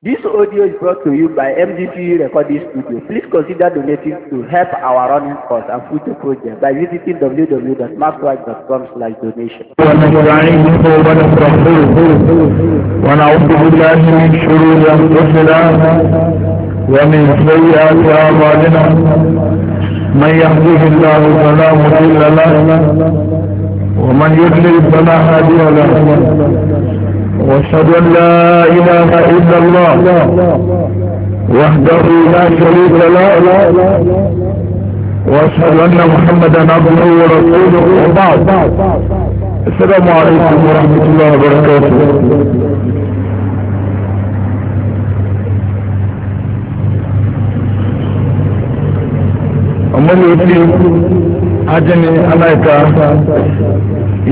This audio is brought to you by MDPU Recording Studio. Please consider donating to help our running costs and future projects by visiting www.markwatch.com slash donation. ومن سيئات اعمالنا من يهده الله فلا مضل له ومن يضلل فلا هادي له واشهد ان لا اله الا الله وحده لا شريك له واشهد ان محمدا عبده ورسوله وبعد السلام عليكم ورحمه الله وبركاته أمني أبني أجني إتا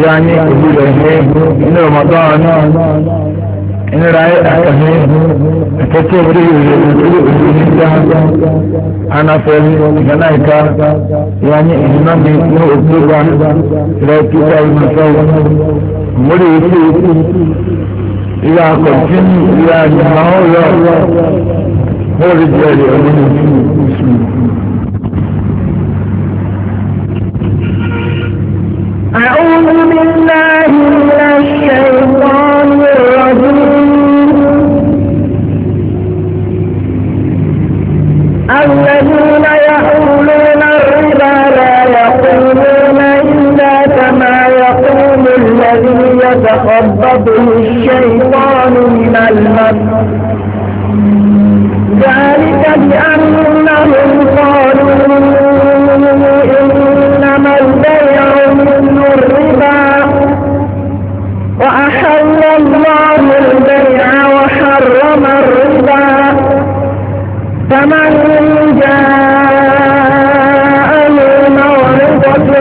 ya ní ìlú rẹ̀ ní inú ramadan inú ra àkàmì àtẹ́tẹ́ orí ìrìn orí òjò ní ìjà anáfẹ́rí ìgbàláìka ya ní ìlú náà ní inú òjò wa rẹ̀ kí ká ìlú náà mórí ìlú ìyá kọ̀tínú ìyá ìgbà ọ̀rọ̀ mórí jẹ́rìí ọdún ìlú ìsúnmù. أعوذ بالله من الشيطان الرجيم الذين يحولون الربا لا يقومون إلا كما يقوم الذي يتخبطه الشيطان من المر ذلك بأنهم قالوا إنما البيع الله البيع وحرم الربا فمن جاء بموعظة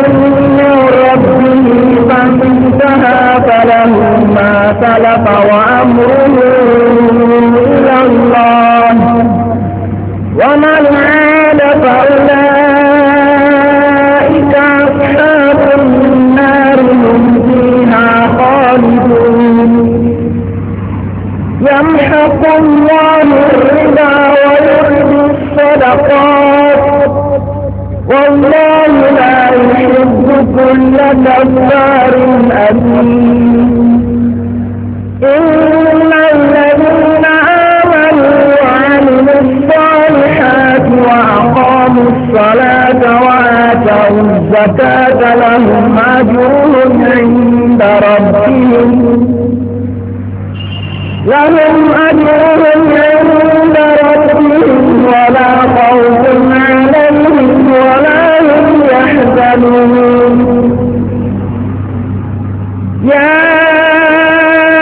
من ربه فانتهى فله سلف وأمره إلى الله ومن عاد فأولئك يتق الله الربا ويربي الصدقات والله لا يحب كل كفار أمين إن الذين آمنوا وعملوا الصالحات وأقاموا الصلاة وآتوا الزكاة لهم أجرهم عند ربهم لهم أجرهم عند ربهم ولا خوف عليهم ولا هم يحزنون يا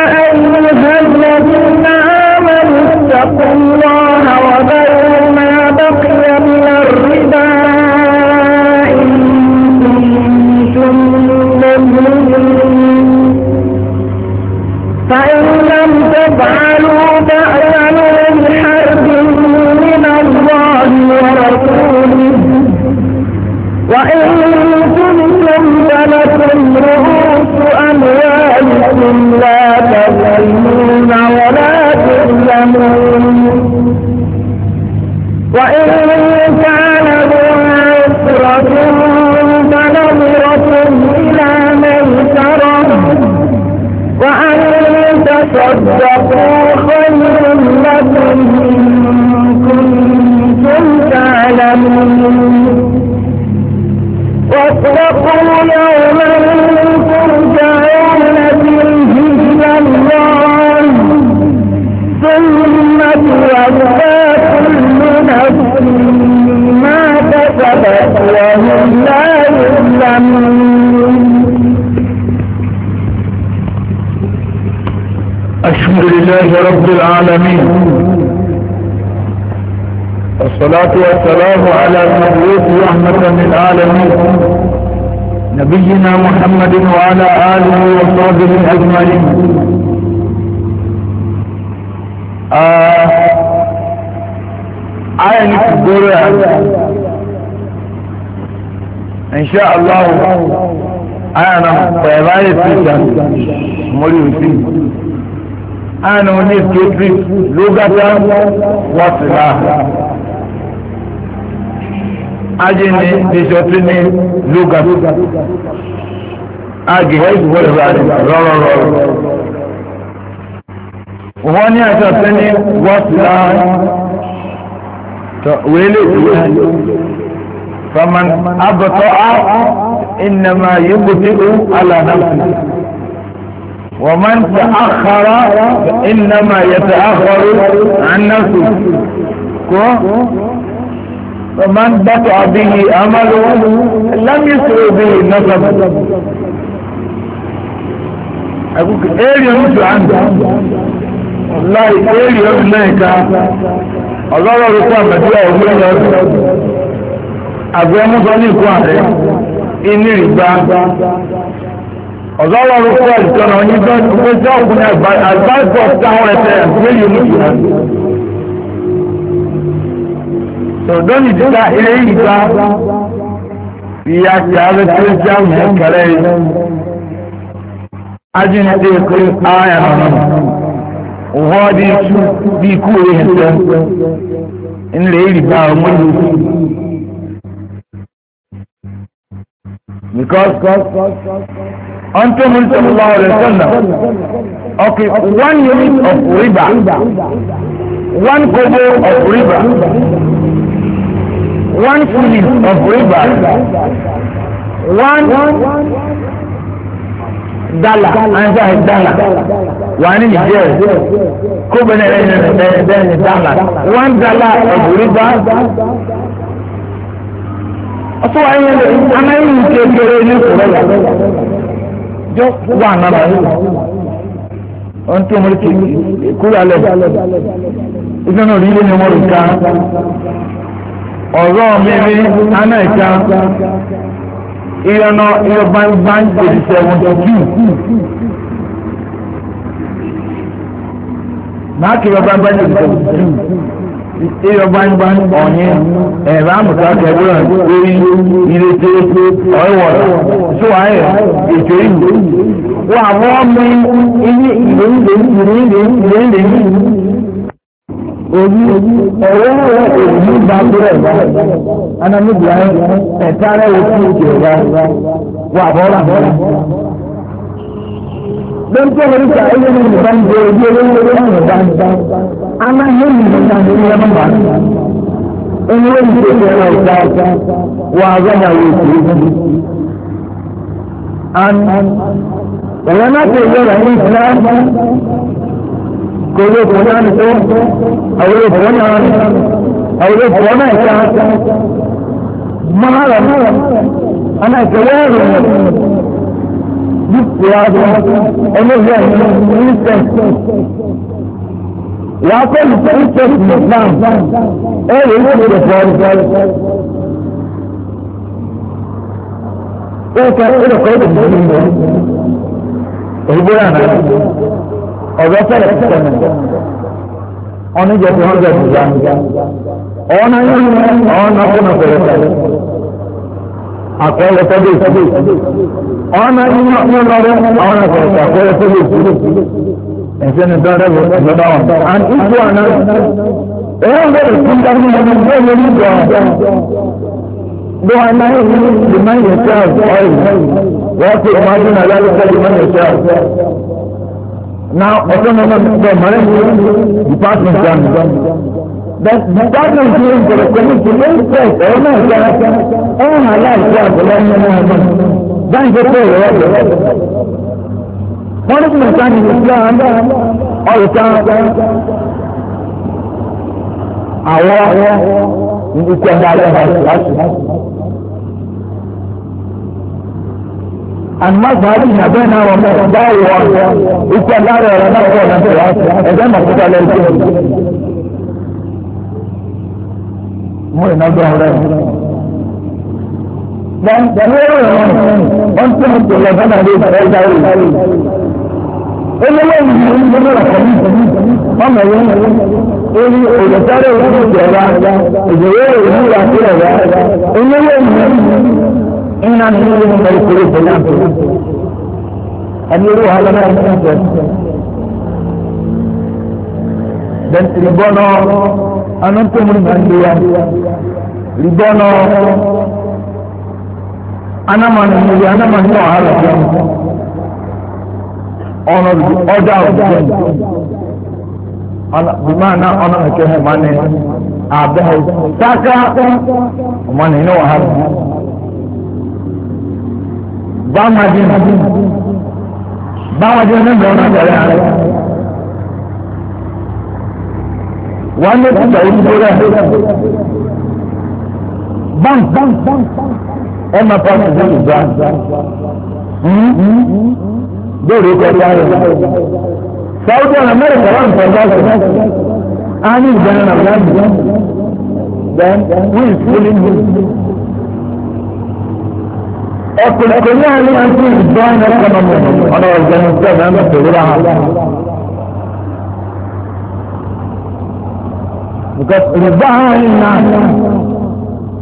أيها الذين آمنوا اتقوا تفعلوا تعملوا بحرب من الله ورسوله وإن كنتم فلكم رؤوس لا تظلمون ولا تظلمون وإن تصدقوا خير لكم إن كنتم تعلمون لله رب العالمين والصلاة والسلام على المبعوث رحمة للعالمين نبينا محمد وعلى آله وصحبه أجمعين آه، آية آه. ان شاء الله انا بيضايا في مولي وسيم ana onye siketiri lugata wasila aji ni disọtí ni lugata agi hẹ́ẹ̀sì wọ́n rẹ̀ rọ̀rọ̀rọ̀ wọ́n ní àjọsí ni wasila wele ìwé faman abọ́tọ́ á ìnàmà yóò gbòtí ó alànà fún ومن تأخر إنما يتأخر عن نفسه ومن بطع به عمله لم يسر به نصب أقول إيه يمشي عنده والله إيه يمشي الله رسول مدينة ومدينة أبو موسى عنده إني ربا ọ̀zọ́lọ́run fún ẹ̀sùn náà ní gbẹ́sẹ̀ ọkùnrin àgbáṣọ táwọn ẹ̀sẹ̀ mílíọ̀nù mùsùlùmí. sọ̀dọ́nì dídá ilé ìgbà ìyá ti ààrẹ tó ń já mú kẹrẹ́ yìí. ajínlẹ̀ èkó ààyè nọ̀nà òwò ọdí ikú bí ikú rẹ̀ ẹ̀sẹ̀ ńlẹ̀ ìgbà ọmọ yìí. because until Muhammad sallallahu alaihi wasallam. Okay, one unit of riba, one kobo of riba, one fulis of riba, one dala anza dala wani ni jẹ kobo na ẹni dala one dala of riba ọtọ wa yẹn lọ anayi ni kékeré ní kúrẹ́ yàrá jọ wà nàmà yìí ohun tí mo rí kúrò alẹ́ ìfẹ́ náà rí ilé ni mo rí ká ọ̀rọ̀ mímí aná ìka ìyọ̀nà ìyọ̀bá ìgbà ń gbèdì sẹ́wọ̀n jù. Màá kí ìyọ̀bá ìgbà ń gbèdì sẹ́wọ̀n jù ìyọ̀gbánygbá ọ̀yẹ́ ẹ̀rọ àmùtá kẹgbẹ́ lórí ìrètí ọ̀ẹ́wọ̀ tó ayẹ̀ ètò ìlú. wọ́n àwọn ọmọ ilé ìlòlè ìlòlè ìlòlè yìí. Oyi ẹ̀rọ èyí bá gbúrẹ̀ anamíbi ayé ẹ̀ta rẹ̀ wọ́n ti ń jẹ̀ wá wà bọ́ọ̀lù àbọ̀lù don ko wani ta ayi ne ne ban je je ne ne ne ban ana ne ne ban ne ne ban ba in yi ne ne ne ta wa ga da yi ne an wala na ce yau da islam ko yau ko na ne aure ko na aure ko na ta mahara ana ke yaro gífù ọdún ẹlẹ́yẹ ìrìnsẹ̀t wà á pẹ̀lú ìrìnsẹ̀t nìkan ẹ lè ní ìṣòro fọ́ọ̀rọ̀ Ìkẹ́ ìrọ̀kọ́ ìdòdò ìlú òyìnbó yà náà ọ̀dọ́ fẹ́rẹ̀ fẹ́rẹ̀ nìkan ọ̀nìjẹ́ tí wọ́n jẹ́ ìjà ọ̀nà yìí ọ̀nà kọ́nà fẹ́rẹ̀ fẹ́rẹ̀ àkọọ́lẹ̀ tọ́jú ìtọ́jú. Àwọn náà ní ní ọlọ́rẹ́ àwọn àkọọ́lẹ̀ àkọọ́lẹ̀ tọ́jú ìtọ́jú. Ẹ̀sẹ̀ ni dọ́rẹ́ bọ̀ lọ́dọ̀ wọn. À ń tú àná. Ẹ̀yọ́ bẹ̀rẹ̀ fún dáhùn ọmọ bẹ́ẹ̀ ló ní ìjọ. Bí wọn náà yìí lè máa yẹ sí àwọn ọ̀rẹ́ wọ́n ti máa dín àlá lọ́sẹ̀ lè máa yẹ sí àwọn. Na ọ̀sán náà bẹ̀rẹ̀ mọ́lẹ́ gbádùn sí ìjọba pẹ̀lú ìjọba ìfẹ́ ọ̀nà ìjọba ọ̀hún aláìsí àbúlá ní ọmọ ọmọ báńkì tó rẹ̀ wọ́n lọ. wọ́n ní kùnà sáà ní islam ọ̀rọ̀ kan àwọn ìgbésẹ̀ ọ̀gá alẹ́ ọ̀sán. àmọ́ sàárì ìyàbẹ́ náà wọ́n mọ̀ báwo wọ́n ìpẹ́ lára ọ̀rọ̀ náà wọ́n náà wọ́n ẹ̀dẹ́ mọ̀ mo ìná gbọ́ ọ̀rẹ́ rẹ̀. Gbàgbé ẹ̀rọ ìwọ̀n wọ́n tún mú tòlọ̀ bọ́nà lé ìfẹ́ dáwọ́ ìdáwọ́. Olówó ìlú ní gbogbo ọ̀pọ̀ ní ọmọ yẹn orí òdòtárẹ̀ ìlú ìjọba ìjọba ìlú àti ọ̀rẹ́. Olówó ìlú iná ní ilé nípa ìkórè ìfẹ́ náà. Ẹni orí wàhálà náà ń sọ̀rọ̀. Bẹ́ẹ̀ni ìbọn náà anan ko mun ban da yan ribono ana man ni ana man no ala jan ono oda jan ana bimana ana ke he mane abahu saka man no ala ba madina ba madina ne na da ala wọ́n ní ìgbà ìdúró rẹ̀ bam bam bam ẹ máa pa ṣùgbọ́n ìgbà bẹ́ẹ̀ ló kọ́ ẹ̀ka rẹ̀ sáwọ́dí ọ̀nà mẹ́rin kọ́ wọ́n ń tọ́jú ọ̀sẹ̀ á ní ìgbà náà wọ́n ń bọ̀ then we is fooling you. ọ̀pọ̀lọpọ̀ ní àlẹ́ àti ìgbà náà kọ́ ọ̀nà ọ̀gbẹ́ni sẹ́ẹ̀dá ń bẹ̀ pẹ̀lú àwọn. because ربحنا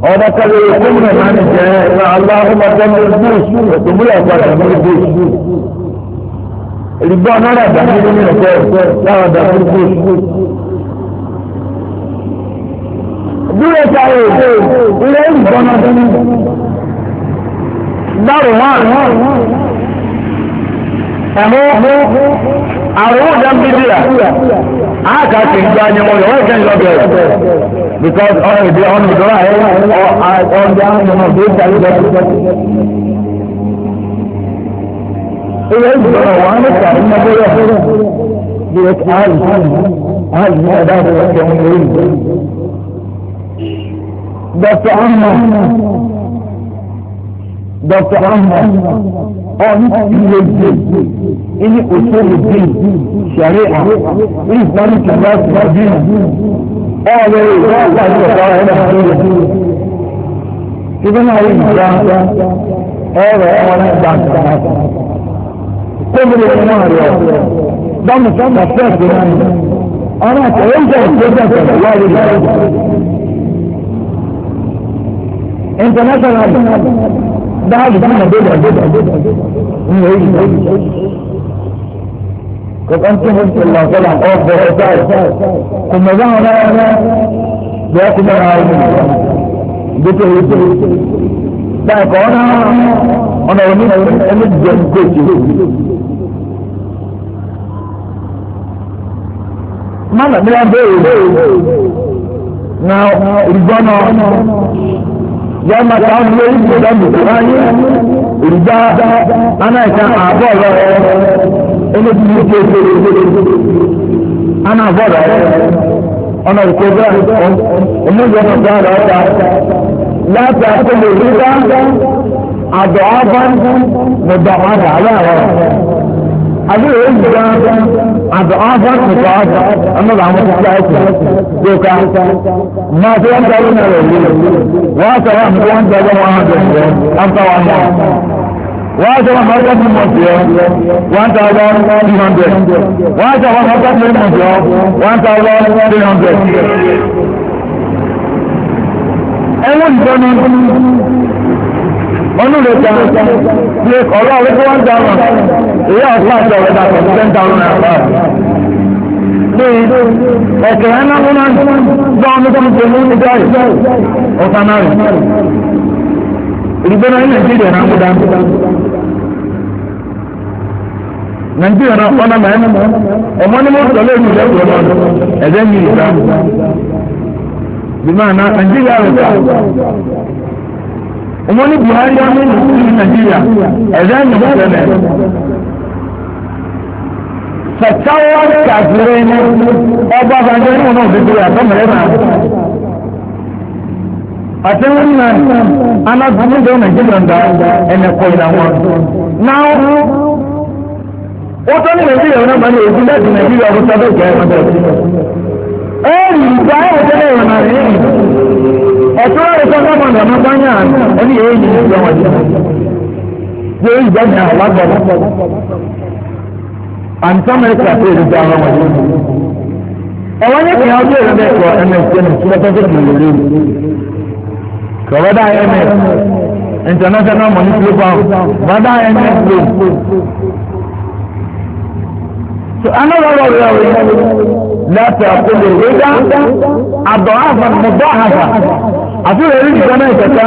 هذا كله يكون من الجنة اللهم دم الجيش وتقول أقوال دم الجيش ربحنا لا دم الجيش لا دم الجيش Dúró sáré ìdè ilé ìgbọ́nà dúró. Dárò wá. Ẹ̀hó àrùn òjá ń bíbí à áàkà kì í gba ẹni mọ́lẹ̀ wọ́n kẹ́ ń lọ bẹ̀rẹ̀ because ọ̀rọ̀ ìdí ọ̀nà ìdọ́rọ̀ ayé ọ̀dá ọ̀nà tó darí lọ sí ọ̀dọ́. Ilé ìgbọ̀nà wà ní kàrí mọ́tòrò bí o ti àrùn àrùn ọ̀dá ọ̀dọ́ ọ̀dọ́ ọ̀dọ́ Dr. Ahmed Dr. Ahmed ọ̀ní ìlòjì ní òṣèlú bíi ṣẹ̀rí àwọn islamic university bíi ọ̀rẹ́ ìwọ́n àti ọ̀pá ẹ̀rọ ìṣẹ̀lẹ̀ ṣùgbọ́n àwọn ìgbà ẹ̀rọ ọ̀rẹ́ ìgbà kan kóbìrì ọmọ rẹ̀ bámu sábà fẹ́ẹ̀sì náà ọ̀rẹ́ àtẹ̀wé ń jẹ́ ìgbésẹ̀ pẹ̀lú wáyé ìgbà international dáhàlì tí mo dédà dédà ní èyí kọ̀kan tí mo ti lọ sọ́la ọ̀bọ̀ ọ̀tá ẹ̀ kò mọ̀ bá wọn náà náà bí wọ́n ti mọ̀ra ọ̀hún gbẹ́tẹ̀ wípé báyìí kọ́ ọ̀nà ọ̀nà òní ẹni jẹ́ nǹkóòtù mọ́nà mi náà bẹ́ẹ̀ rẹ̀ náà ìgbọ́nà yọọma ta ọ lórí ìgbòdà mùsùlùmá yìí ìgbà anáìka àbọ̀ rẹ̀ ẹlẹ́bí ní kí ẹgbẹ́ anáàbọ̀ rẹ̀ ọ̀nà òkè bẹ́ẹ̀ ọmọdéwọ̀n bá rẹ̀ ọ̀tá láti àtẹ̀lẹ̀ ìgbà àbọ̀ ọ̀bá mọ̀dọ̀ ọ̀bá aláàrọ̀ abin da yin da abu an fa su ta haka amma ba mu ta aiki doka ma ta yan da yana da yi wa ta ra mu yan da ga wa da an ta wa mu wa ta ra marka mu mu ya wa ta ga 300 wa ta ra marka mu mu ya wa ta ga 300 ẹwọn ìjọ ni mọ́nú rẹ̀ ta ṣe ọ̀rọ̀ rẹ̀ tó wá ń dáhùn èyí ọ̀pá àti ọ̀rẹ́ dàpọ̀ tó fẹ́ ń dáhùn rẹ̀ pa. Bí ẹ̀kẹ́ ẹ̀nàmúná gbọ́ ọmọ tó ń pè ní ìjọ rẹ̀ ọ̀tá náà rẹ̀. Ìdìbò náà ní Nàìjíríà náà mú dáhùn. Nàìjíríà náà ọ̀nà mẹ́rin ọmọ ní mo sọ̀rọ̀ èmi ìjọ ìjọba ẹ̀dẹ́ mi ìgbà. Bí máa ná Nàìjíríà rẹ̀ ọmọ ní buhari ọmọ ní nàìjíríà ẹ̀dá ẹ̀yìn ọ̀sẹ̀lẹ̀ fẹ̀táwọ́ kàfìrẹ́ ní ọba àbájọ ní ọ̀nà òbíbírí àtọ́mọ̀rẹ́ náà àtẹ́wọ́n náà anágbọ́njọ́ nàìjíríà ń da ẹnẹ̀kọ́ ìlànà náà ó tọ́ ní nàìjíríà náà máa ní èdè láti nàìjíríà sábẹ́ ìgbà ẹ̀tọ́ rẹ̀ sọ fún ọmọdé ọmọ bá yàn ẹni èyí ni ìjọ wọn jẹ yóò ìjọ ní àwọn agbọ̀dọ̀ àǹtọ́mẹ́ríkà tó èdè jẹ́ àwọn ọmọdé ẹ̀wọ́n ní kìí ọdún èrè mẹ́kọ̀ọ́ ẹ̀mẹ́sẹ̀ ní ìfúnpẹ́sẹ̀ kìí lórí kọ̀wọ́dá ẹ̀mẹ́ international money flow bank kọ̀wọ́dá ẹ̀mẹ́ flow so anọ́rọ̀rọ̀ rẹ̀ rẹ̀ láti àkọlù ìgbéga àbọ̀ àfọ̀ mọ̀bọ̀ àfọ̀ àti rẹ̀ rí ìjọba ìtẹ̀ta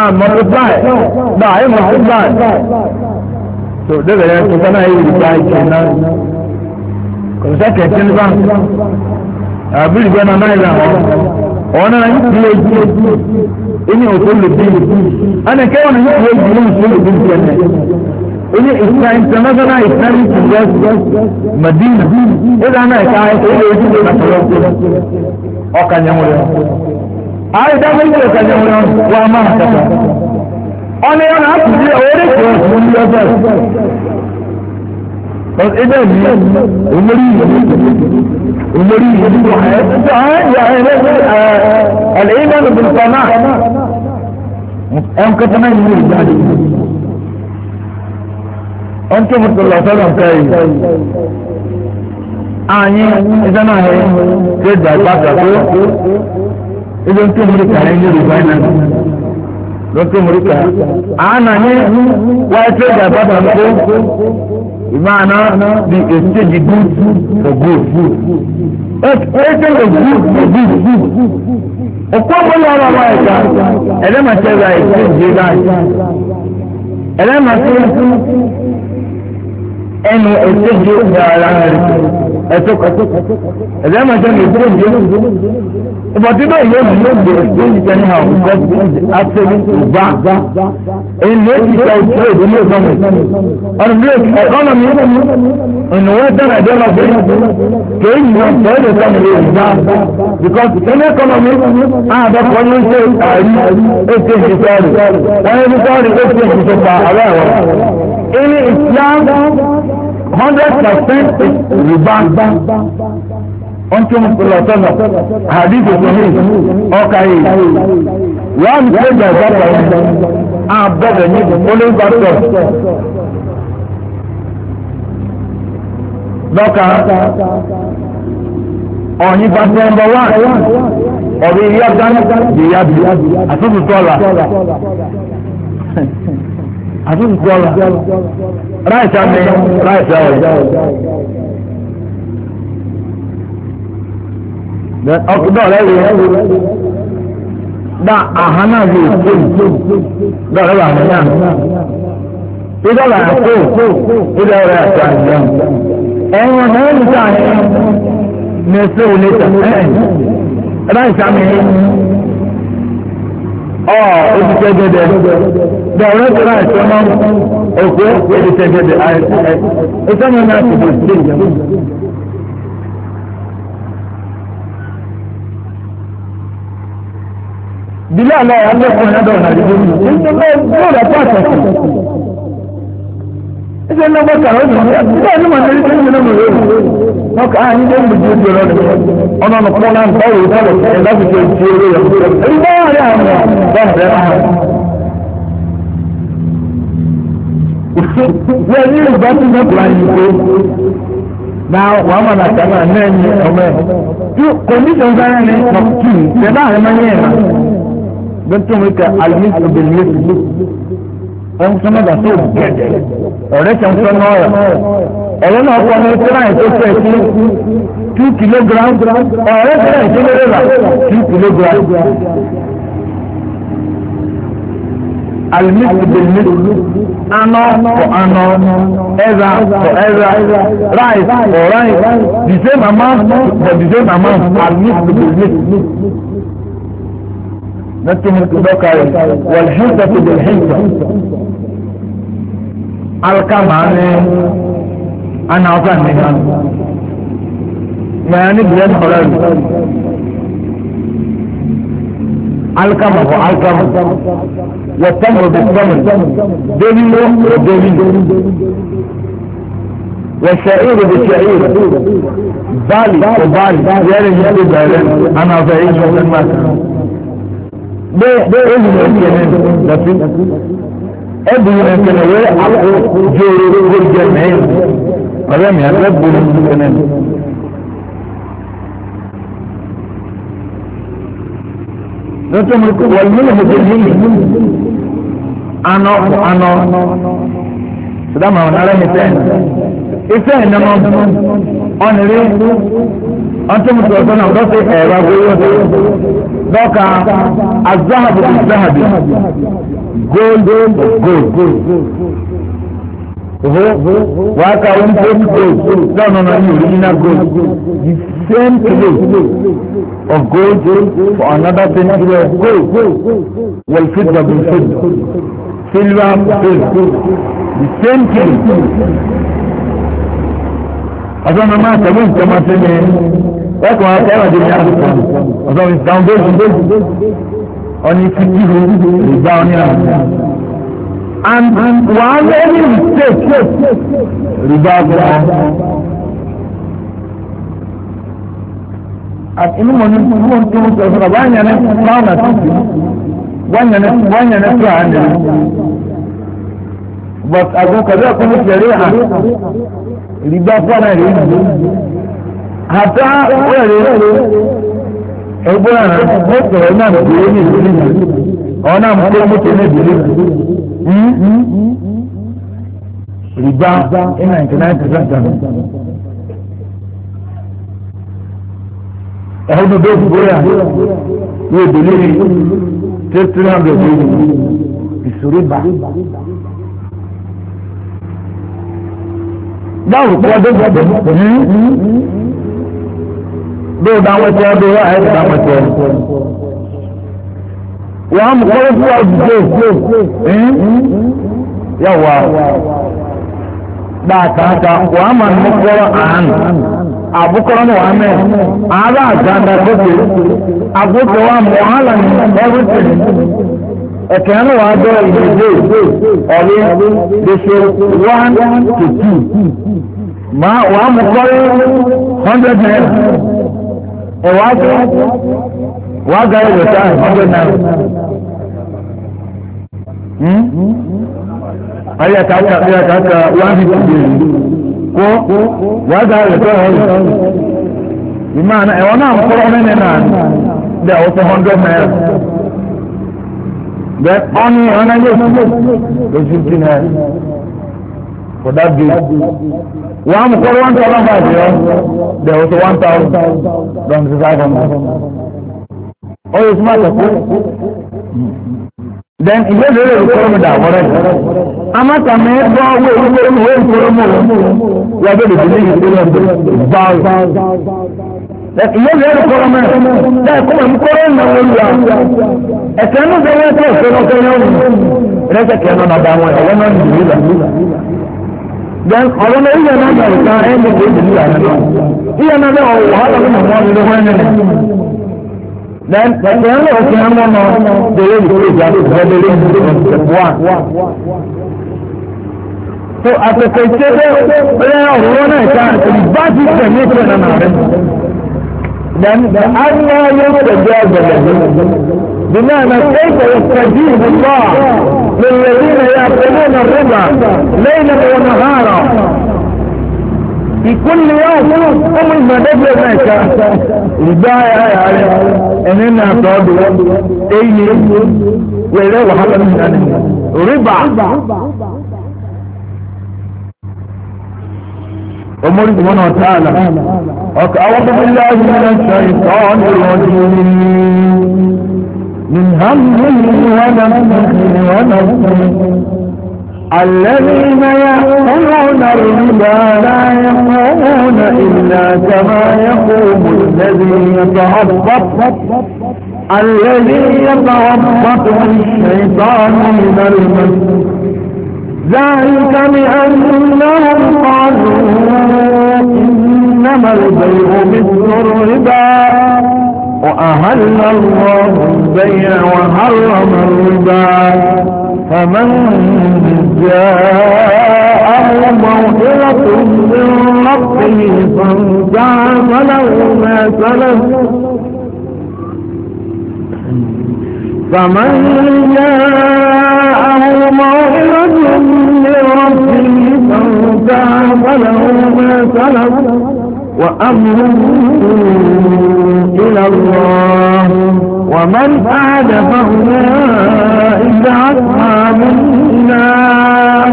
àmọ̀lùbáì náà ayé mọ̀lùbáì tó débẹ̀ rẹ̀ tó sọ́nà ayé ìrìgbà ìjẹ́ náà kò sẹ́ kẹ̀kẹ́ ní báńkì àbí ìgbà náà náà ìrà wọn wọn náà yí kúlẹ̀ ojú ẹni òkú lè bí ẹni kẹ́wọ́n yí kúlẹ̀ ojú ẹni òkú lè bí ẹni ini islam international islamic congress madina ila na ka ẹ ṣe ilé ojú ìgbà tó lọ ọkàn yẹn wọlé ààrẹ dábẹ́ ìjọ ìkàjọ wọn wà máa kàtà ọ̀nà yọ̀nà àkùsí orí kò fún ní ọjọ́ ẹgbẹ́ mi olórí olórí ẹ̀lẹ́yìn náà lóbi nǹkan náà ẹ̀ǹkan tó náà yìí ìgbà rẹ̀ ṣe gbà ìpàkà tó ilé tó múri kà ẹ́ ní rìbá náà ló tó múri kà àánà ní wáyé tó dà bàbà ńkó ìmáàná di exchange good for good exchange of good for good ọ̀pọ̀ ọ̀pọ̀lọ̀ ọ̀rọ̀ wa ẹ̀ka ẹ̀rẹ́màṣẹ́ ra exchange báyìí ẹ̀rẹ́màṣẹ́ ẹnu exchange ọ̀gá ara rẹ̀ ẹ̀tọ́kọ̀ ẹ̀rẹ́màṣẹ́ exchange. But you know, you know, you can have absolute back. In which you can trade, you know, something. On the economy, in Western ideology, can you not tell the family is back? Because in economy, ah, that's what you say, I it's in the story. And every story is in the story. In Islam, 100% is riba ọ̀ntún lọ́tọ́nà àdìgbò sọ́hìn ọ̀ka yìí wọ́n ti gbé ìjọba àbọ̀dẹ̀ ní olùbátọ̀ lọ́ka ọ̀yìn bàtẹ́ ẹ̀mbọ̀ wá ọ̀rẹ́ ìyá dáná ìyá bí àtúntò tọ́lá àtúntò tọ́lá ráìsà mi ráìsà ọ̀yìn. ọkùnrin ọ̀rẹ́ rẹ̀ dá àhánà lè tó dọ̀rẹ́ wà ní náà ìdọ̀rẹ́ àtó ìdọ̀rẹ́ àtó àjọ ẹ̀wọ̀n náà ń sá ní mẹ́sẹ̀ òní tàn ẹ̀rọ ìsàmì ọ̀ òtítẹ́ gẹ́gẹ́ dọ̀rẹ́ tó náà tó náà òkú òtítẹ́ gẹ́gẹ́ àìsàn ìsàmì náà ti bọ̀ sí ìjọba. bílẹ̀ àlọ́ alẹ́kùnrin ẹ̀dọ̀ nàìjíríà ní ọgbà kàrọ̀ ọ̀dùn ndị ń gbin ọmọ rẹ̀ wọn ọ̀nà ọ̀nà pọ̀ náà ndị ló sọ̀rọ̀ ẹ̀ ọmọ don tó mú ká alimis obìnrin ẹn sọmọ dà tó gẹdẹ ọrẹ tẹ n sọ náà rẹ ọrẹ náà kọ ní tíráì tó fẹ sí two kilogram ọrẹ tíráì tó lérè rà two kilogram alimis obìnrin anọ for anọ ẹza for ẹza rice for rice the same amount for the same amount alimis obìnrin. نتم الكبكاية والحنسة بالحنسة الكمان أنا أظنها نبدأ بلن حلال هو الكمه والتمر بالتمر دليل ودليل والشعير بالشعير بالي وبالي يعني يجب أنا ضعيف ومن مثلا bẹ bẹ eyi na nkene nati ẹbi na nkene wẹ akọ jooro ko jẹ mẹyin ọbẹ mi abẹ bu na nkene. lọ́tọ́ mi kò wọ́n mílíọ̀nù mo ti ní mi anọ anọ sọdáàmù àwọn ará mi fẹ́ẹ̀ ife ẹ̀ nínú ọ̀nìrí ọ̀tún mi sọ̀tọ̀ náà ọ̀dọ́ sí ẹ̀rọ agbóyún ọ̀tún dọ́ka azahabu azahabu gold gold oho wàákà one point gold lọ́nà náà ní original gold the same place of gold for another thing here gold well fit for the food silver gold the same thing. Ọ̀sán náà máa tẹ̀wé nǹkan máa ẹ̀kọ́ ẹ̀rọ dé ní àbùkù ọ̀sán mi dáhùn bẹ́ẹ̀ ọ̀ní fìdíhù ìgbà ọ̀ní àwọn. and wàá lé ní mistake rìbá gbọ́. àti inú mọ̀ ní mọ̀ ní mo sọ̀rọ̀ sọ̀rọ̀ wáyà ní fúláwọ̀n àti ìsìn wáyà ní wáyà ní fúláwọ̀n àti ìsìn. but àgùnkàdé ọ̀kọ́ ní fẹ̀rẹ̀ hàn rìbá fúláwọ̀n rẹ̀ yìí. àtà wẹ̀rẹ̀ ẹgbẹ́ ara mẹ́tẹ̀ẹ̀ náà tó yé ní ìdílé náà ọ̀nà mọ́tò mọ́tò ní hmm? ní ní ìṣòro bá. báwo bí o bá wọn tẹ ọ bí wọn àyè bá wọn tẹ ọ. wọ́n á mú kọ́ fún ọ̀dùnkè yàwá dáadáa wọ́n á máa mú kọ́ àánú àbúkọ́rọ́ mọ̀ amẹ́ ara àgbàdà gòkè àgòkè wa mọ̀ hàlà ní everything ẹ̀kẹ́ ní wàá jọ ìdíje ọ̀rẹ́ lẹ́sẹ̀ one to two máa wàá mú kọ́rọ́ hundred naira ẹ̀wà tó wà á gàrí ìwòsàn àrùn ọgbẹ́ náà ayé kàkà ayé kàkà one fifty days kó wà á gàrí ìwòsàn àrùn ìmọ̀ àná ẹ̀wọ̀n náà ń kọ́rọ́ nínú náà dẹ̀ ọ̀sẹ̀ hundred naira bẹ́ẹ̀ ọ́nì ọ̀nà yóò fún yóò fún fifty naira kódà bí wọ́n á mú kọ́ one thousand five yọ there was one thousand don six five hundred all the smart people then ìwé ìlérí rẹ̀ kọ́ mi dà wọ́rẹ́ amata mi gbọ́ owó ìwé ìwé ìkúrò mú un wọ́n bẹ̀rẹ̀ bí ní ìkúrò mú báwò ìwé ìlérí rẹ̀ kọ́ mi dá ẹ̀kọ́ mi kúrò mú un wọ́n yà ẹ̀kẹ́ ní ìjọba ẹ̀kọ́ ìfẹ́ lọ́kẹ́ yẹn rẹ̀ kẹ́kẹ́ náà dáwọn ẹ̀wọ́n náà nìyí là then ọ̀rọ̀ náà ìyá náà bẹ̀rẹ̀ kan ẹni tó ti ní ìyàrá náà ìyá náà bẹ̀rẹ̀ ọ̀wọ̀ wàhálà ló mọ̀ ní ló wẹ́n nínú then pẹ̀lú ẹ̀rọ òkè ẹ̀mọ́ náà bẹ̀rẹ̀ ìkórè ìjà bẹ̀rẹ̀ ìjọba so àtẹ̀kọ̀ ìṣẹ́fẹ́ bẹ̀rẹ̀ ọ̀rọ̀ náà ìta bá ti tẹ̀lé ìṣẹ́ náà rẹ̀ then aná yóò tẹ̀lé ọ̀gbẹ̀lẹ̀ bí náà náà kéèkọ̀ للذين يأكلون الربا ليلا ونهارا في كل يوم هم ما دبل ماشى البايع يعني اننا قاعد ايني ولا وحده من ربا ومولد سبحانه وتعالى أعوذ بالله من الشيطان الرجيم من همه ونفسه ونفسه الذين يأكلون الربا لا يقومون إلا كما يقوم الذي يتعبط الذي يتعبط الشيطان من المسجد ذلك بأنهم قالوا إنما البيع مثل الربا وأهل الله البيع وحرم الربا فمن جاءه موئلة من ربه فانتهى فله ما سلف فمن جاءه موئلة من ربه فانتهى فله ما سلف وأمر إلى الله ومن أعد فأولئك أصحاب النار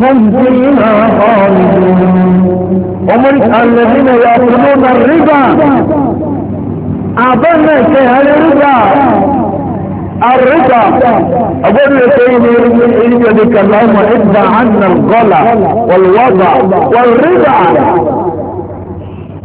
هم فيما خالدون ومن الذين يأكلون الربا أبنى كهل الربا الرضا أقول لكين إليك ذلك اللهم ادع عنا الغلا والوضع والرضا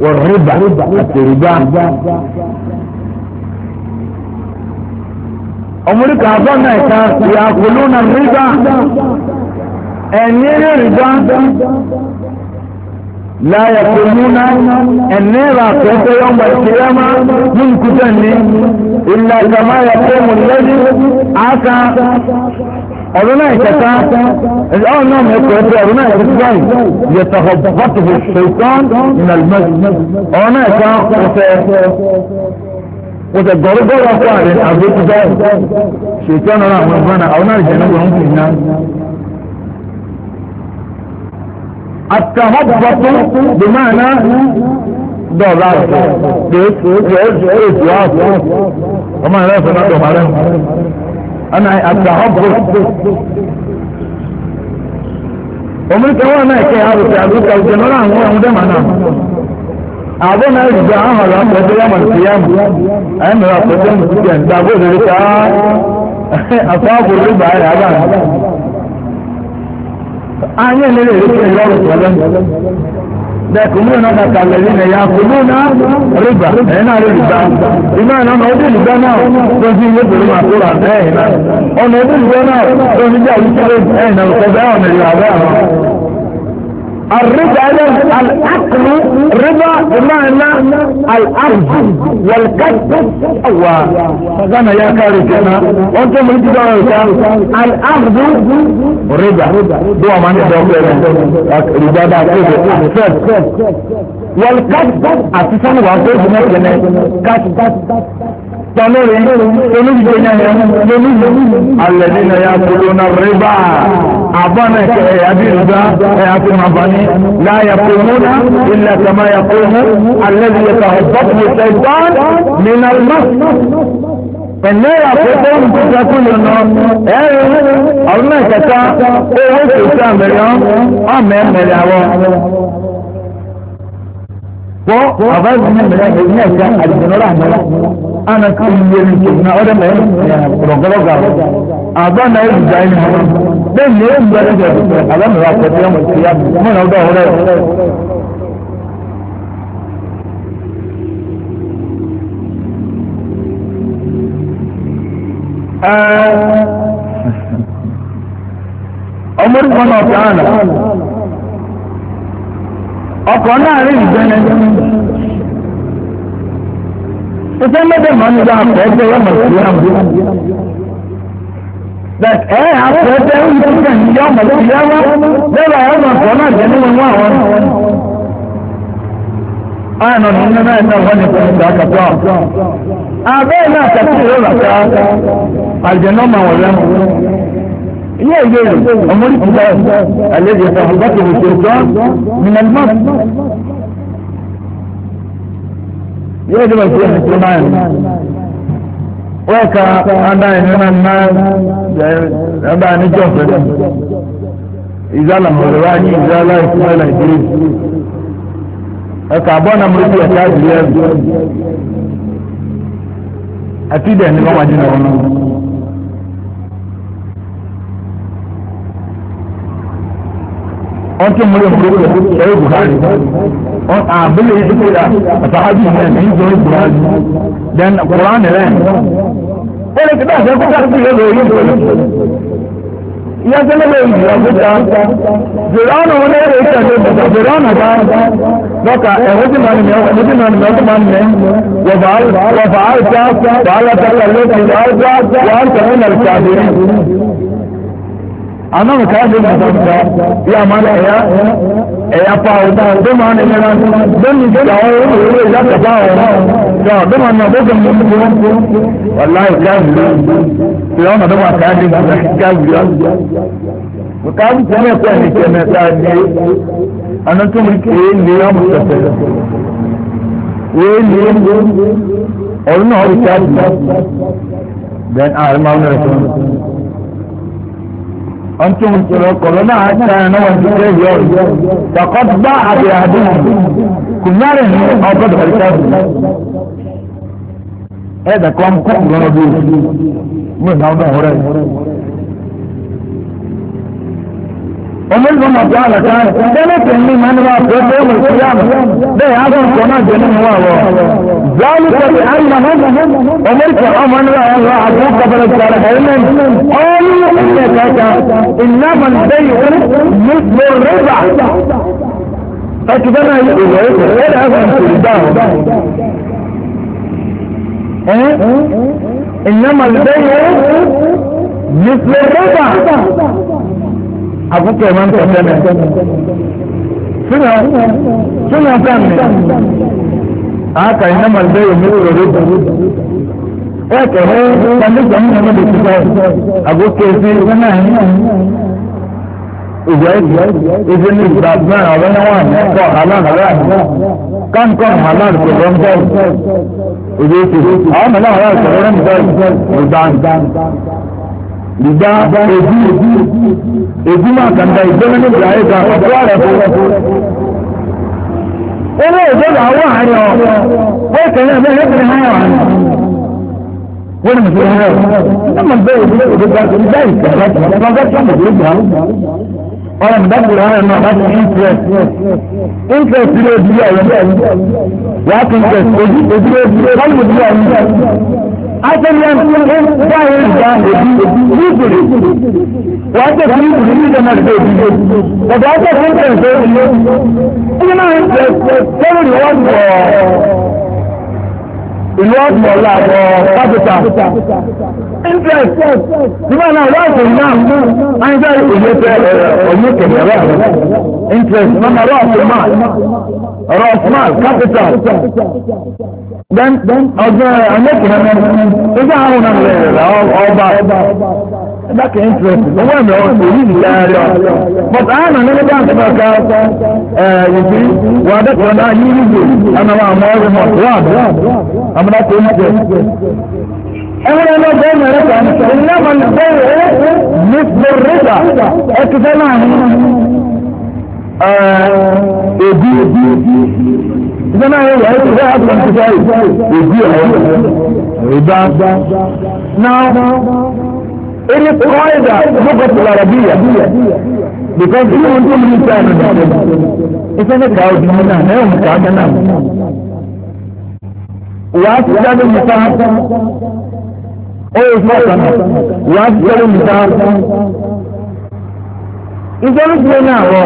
والربا الربا أمريكا أظن يأكلون الربا أنير الربا لا يقومون النيرة كيف يوم القيامة من كتن إلا كما يقوم الذي عسى ọdún náà ìkẹta ọdún náà mẹ́kọ̀ ẹ̀fẹ́ ọdún náà ìkẹta yìí yẹ tọ̀họ̀ bọ́tùbù ṣèkán ìnàlùmọ́sí ọdún náà ìkẹta ọ̀fẹ́ ọ̀fẹ́ gọ̀rọ̀gọ̀rọ̀ fún ààrẹ àgbẹ̀tìjọ́ ṣèkán ọ̀rọ̀ àwọn ẹ̀fọ́ náà ọdún náà ìjẹ́ náà wọ́n fìyà. àtàhọ́bọ̀tù bìmáàná dọ̀ọ̀lá rẹ̀ pé أنا التهبط ومن كمان كي هذا تعبوك أو جنرا هو مدام أنا أبونا إجزاءها لا تدري يوم القيامة أنا لا تدري يوم القيامة تقول لك أصاب الربا يا أبان أنا اللي لك يا رب يأكلون ما الذين يأكلون ربا هنا ربا بما أنهم أودي لبنا فزي يدل مع قرآن أين أنا أودي لبنا فزي يدل مع قرآن أين القبعان اللي عباها الرضا العقل رضا بمعنى الارض والكسب هو فزنا يا كارثنا وانتم من تدعوا الارض رضا دو ما ندعو رضا دا والكسب اتسان واقع هناك كسب تنوري تنوري جنايا الذين يأكلون الربا أبانا كأبي ربا يأكلون أباني لا يقومون إلا كما يقوم الذي يتهبطه الشيطان من المس pẹ̀lú àkókò ìtàkùn lọ́nà ẹ̀rù ọdún mẹ́kẹta owó kìí sí àmẹ́rẹ́ ọmọ ẹ̀mẹ́rẹ́ àwọn ko a ba su nan da zai yi yasa aljanu rahmanu ana kan yin ke na wadda mai rogoroga a ba na yi da yi hana dan ne yin da da alam ra ko da mu ya mu ọkọ̀ náà rí ìgbẹ́nẹ́ ìfẹ́ mẹ́tẹ̀ mọ́ nígbà àpẹẹtẹ yọmọ sí àmì ẹ àpẹẹtẹ ìfẹ́ yọmọ sí yọmọ lẹ́bàá yọmọ sọ náà jẹ́ nínú wọn àwọn ààrùn ní nínú ẹ̀nà wọn ni fún ìgbà kàtọ́ àbẹ́ẹ̀ náà kàtọ́ ìrọ̀lá ká àjẹ̀nà ọmọ wọn lẹ́nu إيه إيه أمريك الله الذي يتحبطه الشيطان من المرض يجب أن يكون الإيمان وكا أنا إنما المال أنا نجوف إذا لم يراني إذا لا يسمى لا يجري وكا أبونا مريد يتعب ليه أتيدي أن يكون مجنون on tún múlẹ̀ múlẹ̀ ẹ̀rọ buhari on àbílẹ̀ yìí ṣe ra àtàhájú ìyẹn ní ìjọba buhari then quran rẹ̀ ó lè kíkọ́ àti ẹ̀kọ́ káàkiri yẹn lórí ìṣòro ìyá sẹ́lẹ̀ lórí ìjọba gbéta zèrán òun náà lè ṣe àjọ bàtà zèrán àbá lọ́kà ẹ̀wọ́n tí màá nìyẹn ẹ̀wọ́n tí màá nìyẹn ọdún màá nìyẹn wọ̀fà àrùtà wàhálà tàkà lókè wàhálà wàhálà tàkà ana mı kaydın adamda ya mana ya ya e, pahalı da deman ne lan ben ne şey şey şey ya o ya da ya deman man ne bugün bunu vallahi kaydın ya ona da bak kaydın kaydın bu kaydın kime sen kime sen ne anlatım ki ne ya mustafa öyle onun harikası ben armağan Resulü'nün أنتم قلنا حتى نوان تكيه فقد باع بأهدهم كنا لهم أو قد غرقاتهم هذا كلام كفر نبيه من هذا هو ومن ثم قال تعالى ذلك اني يعني من راى يوم القيامه ده هذا القران جنين هو ذلك بانهم وملك امن راى الله عبدك قبل الصالحين قالوا انك انما البيع مثل الربع فكبرنا يقول ايه هذا انما البيع مثل الربع àkókò ẹ̀ máa ń tẹ̀lé ẹ̀ sínú sínú sẹ́mi àákà iná máa bẹ́ẹ̀ yẹn mẹ́rin lórí ìgbà ẹ̀ kẹ̀hẹ́ kọ́ndíṣọ̀ mi náà lè ti bá àkókò ẹ̀sìn ìwé náà yẹn ìwé ìdí ní ìgbà náà ọ̀rẹ́ náà wà ní kọ́ aláàrẹ̀ kánkọ́ aláàrẹ̀ kò lọ́n bẹ́ẹ̀ ìwé ti àwọn mẹ́lá aláàrẹ̀ kò lọ́n bẹ́ẹ̀ ìgbà ìgbà èdè èjúmọ́ àkàndá ìjọba ní ìgbà ẹ̀ka ọ̀pọ̀ rẹ̀ fún owó ìjọba àwọn àárẹ̀ ọ̀ ó kẹ̀lé ẹ̀fẹ́ lẹ́kẹ̀ẹ́ háyà wà ní wọ́n mọ̀ sí háyà wọ́n mọ̀ bẹ́ẹ̀ ìdílé òde bá ti bá ìgbà láti wọ́n bá tó mọ̀ gbà ọ̀rọ̀ ìdákùrọ̀ háyà náà bá ti interest interest ilé ìdílé ọ̀yọ́ wàá tún interest ojú ìdílé ìdílé ọ̀yọ́ Afẹ́lẹ́ ń bá ìgbà òbí òbí wọ́n tẹ̀ fún ìlú ní ìjọba ṣe ìdíje ọ̀dọ̀ ọ̀tẹ̀ fún ìtẹ̀sẹ̀ ìlú tí náà ń tẹ̀ sẹ́yìn ìlú ọ̀dọ̀ ìlú ọ̀dọ̀ làbọ̀ kápítà interest nígbà náà láti náà àyíká ìlú tẹ ọ̀yẹ́ kẹ̀kẹ́ rẹ̀ interest mama rọ́ọ̀sùmá rọ́ọ̀sùmá capital. then ọjọ́ ẹ̀mẹ́kìnrin nígbà àwọn ọ̀nà rẹ̀ ọba that interest the one that the really there but I am another dance about uh, you see well that's what I usually do and I'm more remote one I'm not interested أنا ما بين رضا إنما البيع مثل الرضا اقتنع ebi ìjọba náà yóò wá ètò ìjọba àti ìjọba ebi ọ̀hún ìgbà náà any qaida lughat al-arabiyya because you want to understand it's an account in na na mu ka na wa sada muta oh ma ka na wa sada muta ijo ni na ro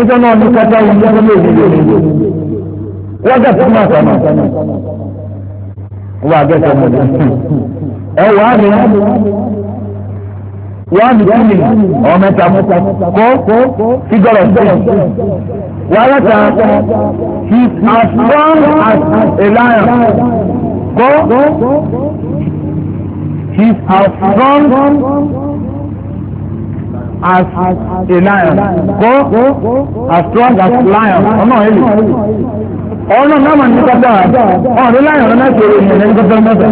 ijo na ni ka da ni ko le ni wa ga ma ka na wa ga ka mo ẹ wà á mi wà á mi kú mi ọ mẹta kó figure of speech wà á lẹ́ta he is as strong as a lion kó he is as strong. as a lion go as strong as lion ọ̀nà ìlú ọ̀nà náà mà ní kọ́tà ọ̀nà lion náà ṣe èyí ní kọ́tà mọ́tà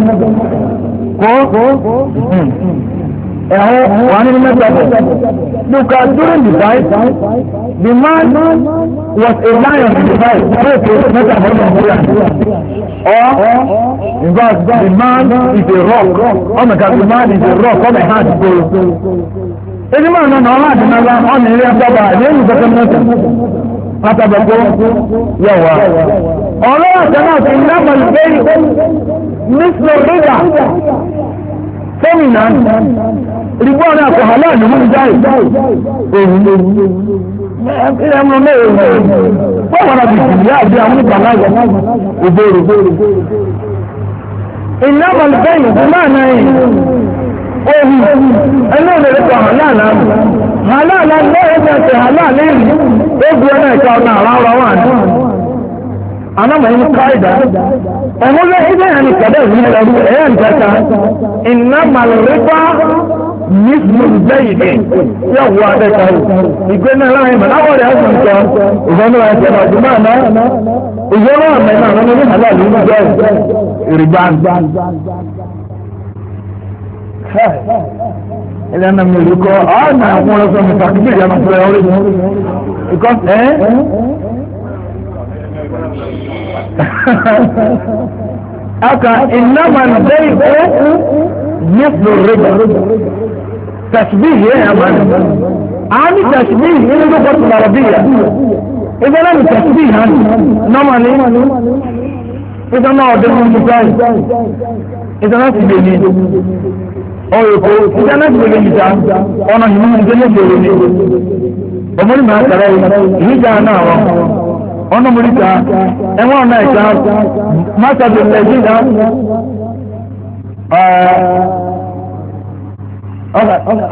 ko ẹ̀họ́ wà nínú mẹ́ta bọ̀. Luka during the fight, the man was a lion in the fight, so to mẹ́ta bọ̀ ní Nàìjíríà. Or, in fact, the man is a rock. Ọmọ oh ìka the man is a rock, ọmọ ìhàn àti kóró. Ebi máa ń nọ ọ̀hún àti nàlá ọ̀nà ilé ẹ̀dọ́gba ní èyí kẹ́kẹ́ mẹ́ta. Pátábẹ̀kọ́ yẹ̀ wá. Ọ̀rọ̀ àtẹnáà ti ń dábàá ìgbéyìí nísìlẹ̀ rírà fẹ́mìnà rìgbọ́ ọ̀rẹ́ àpò aláàlú mú jáì ẹ̀mọ mẹ́rin pọ́wọ́n àti ìjìyà àti àwọn ìpàláyà ìbéèrè ìnáwó ìbẹ́yìn máa náà yìí ohi ẹnu òlèrè kọ hàlàlà hàlàlà lọ́wọ́ ẹ̀sẹ̀ hàlàlà yìí ó bu ẹ̀ka ọ̀nà àrà ọ̀rọ̀ wà ní anama yin kaida ọmọ bẹ ẹ bẹ yàn ní kẹdẹ yìí ní ẹrú ẹ yàn kẹta iná màlúrípa nísìmù bẹyì dé yà wọ adé kan ìgbé náà láàyè mọ náà wọlé ẹsùn kẹ ìgbónú ẹsẹ náà ọdún máa ná ìgbónú ọmọ náà wọn ní halal إذا أنا من الركوع أنا أقول لكم تكبير يا مصر يا ولد aka ìnáma bẹ́ẹ̀ ó nípò rẹ̀gbà tàṣbí yìí ẹ̀ àmà ni àmì tàṣbí yìí ní lóko tó lọ́rọ̀ bí yà ìgbà náà ní tàṣbí yìí hàn nọ́mà ni ìgbà náà ọ̀dẹ́ mú mi báyìí ìgbà náà ti bèèrè ọ̀rọ̀ èkó ìgbà náà ti bèèrè ìjà ọ̀nà ìmúhùn tó lè bèèrè ni ọmọdé máa kàrẹ́ yìí ìjà náà wọ́n ọ̀nà mọ̀lítà ẹ̀wọ̀n ọ̀nà ìta mọ́sàdù nàìjíríà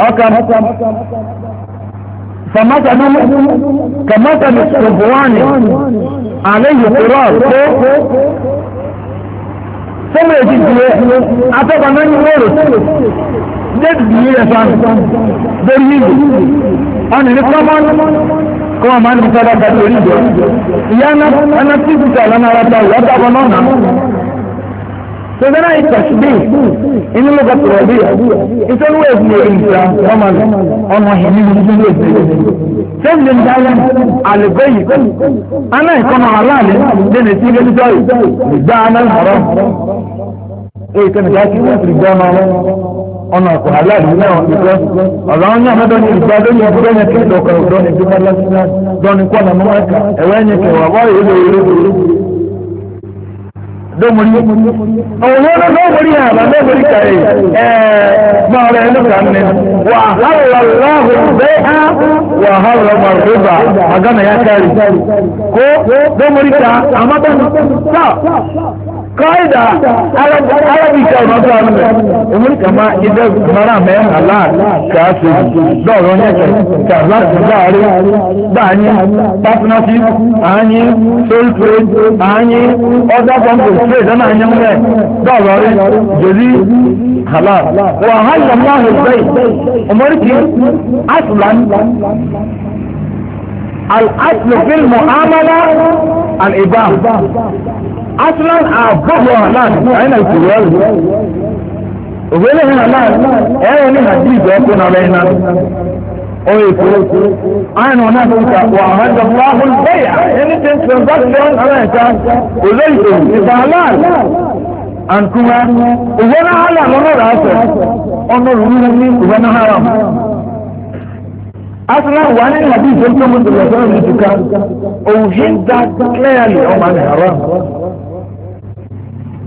ọ̀kà فمثل كمثل الصفوان عليه قرار sọ́mọ̀ èjì tiẹ̀ atọ́ba náà ń wọ́rọ̀ déèdì yìí rẹ̀ fan lórí yìí ọ̀nà ní kọ́mọ́nù wọn máa ń fi sọ́dọ̀ kàtó orí ìjọ ìyá ẹná tí kùtà lọ́nà ara ta ìyá tàbọ̀ náà nà. sọ́dọ̀ náà ìtàṣí bí inú ló gbàtọ̀ rẹ̀ bí ìṣẹ́nu èsì èyí ìta wọ́n máa lọ ọmọ yẹn nínú ìṣẹ́nu èsì èyí. sẹ́ńdì ń dálẹ́ àlùkò yìí aná ìkọ́nà aláàlẹ́ lẹ́nu tí ilé níjọ́ yìí gbá aná ìhọ̀rọ̀ ọ̀nà ọ̀kọ̀ aláàbí náà ìgbẹ́ ọ̀rọ̀ ọ̀nà ọ̀dọ́ ni ìgbà lórí ìgbẹ́ yẹn kí ìdọ̀kọ̀ ọ̀dọ́ ni ìgbẹ́ lásìlá dọ́ni kọ́ ọ̀nà mọ́wáìkà ẹ̀wẹ́ yẹn kẹwà wáyé ilé ìlú ìlú. Dómori ọ̀wọ́ ló dómori hàn bá dómori kàrí ẹ̀ máa rẹ̀ ló kà ní. Wà hàlọ́láhù bẹ́ẹ̀ á wà hàlọ́ màrúbà àgànà yá kárì. Kó dómori ta àmọ́tọ́ni kọ́ìdà arábìkà ìmọ̀tò àmì èmi kàmá ìdẹ́ mara mẹ́ àlá kàásì dọ̀rọ̀ yẹn kà láti láàárín báyìí partnership àányí sole trade àányí other company trade náà yẹn mẹ́ dọ̀rọ̀ rí jòlí àlá wà á yẹ mọ́ àwọn ìgbẹ́ ọmọdékì aslan fil mu'amala al ibam aslan àbọ̀bọ̀ aláàd àyìnà ìṣòro ẹ̀rù òwúrọ̀ ìhìn aláàd ẹ̀rọ ní nàìjíríà ẹ̀kọ́ náà rẹ̀ náà ó èkó àyìnà ọ̀nà àfẹ́ríkà wà àhẹ́jọ fúláhùn bẹ́yà anything transaction amẹ́ríkà òlé ìṣòro ìfà aláàd àǹkúwa òwúrọ̀ aláàd ọ̀nà rà áṣẹ ọ̀nà òwúrọ̀ ní ìwọ́nà haram aslan wà ní nàìjíríà tó ń tó mú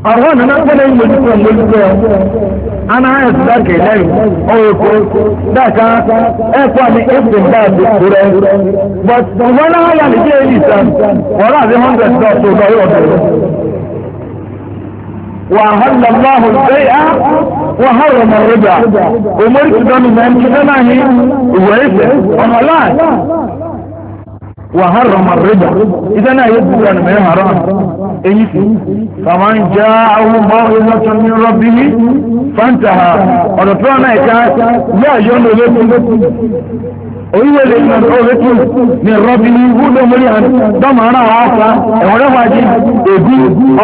ọ̀rọ̀ nana gbọ́dọ̀ yìí mojúkọ̀ mojúkọ̀ ana ẹ̀sùn dákẹ̀ lẹ́yìn ọ̀rọ̀kọ̀ dáka ẹ̀kọ́ àti ẹ̀sùn dáàbò kúrẹ́ but wọ́n náà yà ní jẹ́ èyí sàn wọ́n láti hundred dollars tó lọ yọ̀ bẹ̀rẹ̀. وأهل الله البيع وحرم الربا ومرك دون من كده ما هي وعيسى وملاك وحرم الربا إذا يدل أن ما حرام أي فمن جاءه موعظة من ربه فانتهى ورطانا إكاد يا جن لكم orílẹ̀ èdè ìlànà ọ̀rẹ́tù ní rọ́bì ní gúdọ̀ mọ́lẹ́hàn dọ́mọ̀ọ́nà wà áfà ẹ̀wọ̀n wájí ègú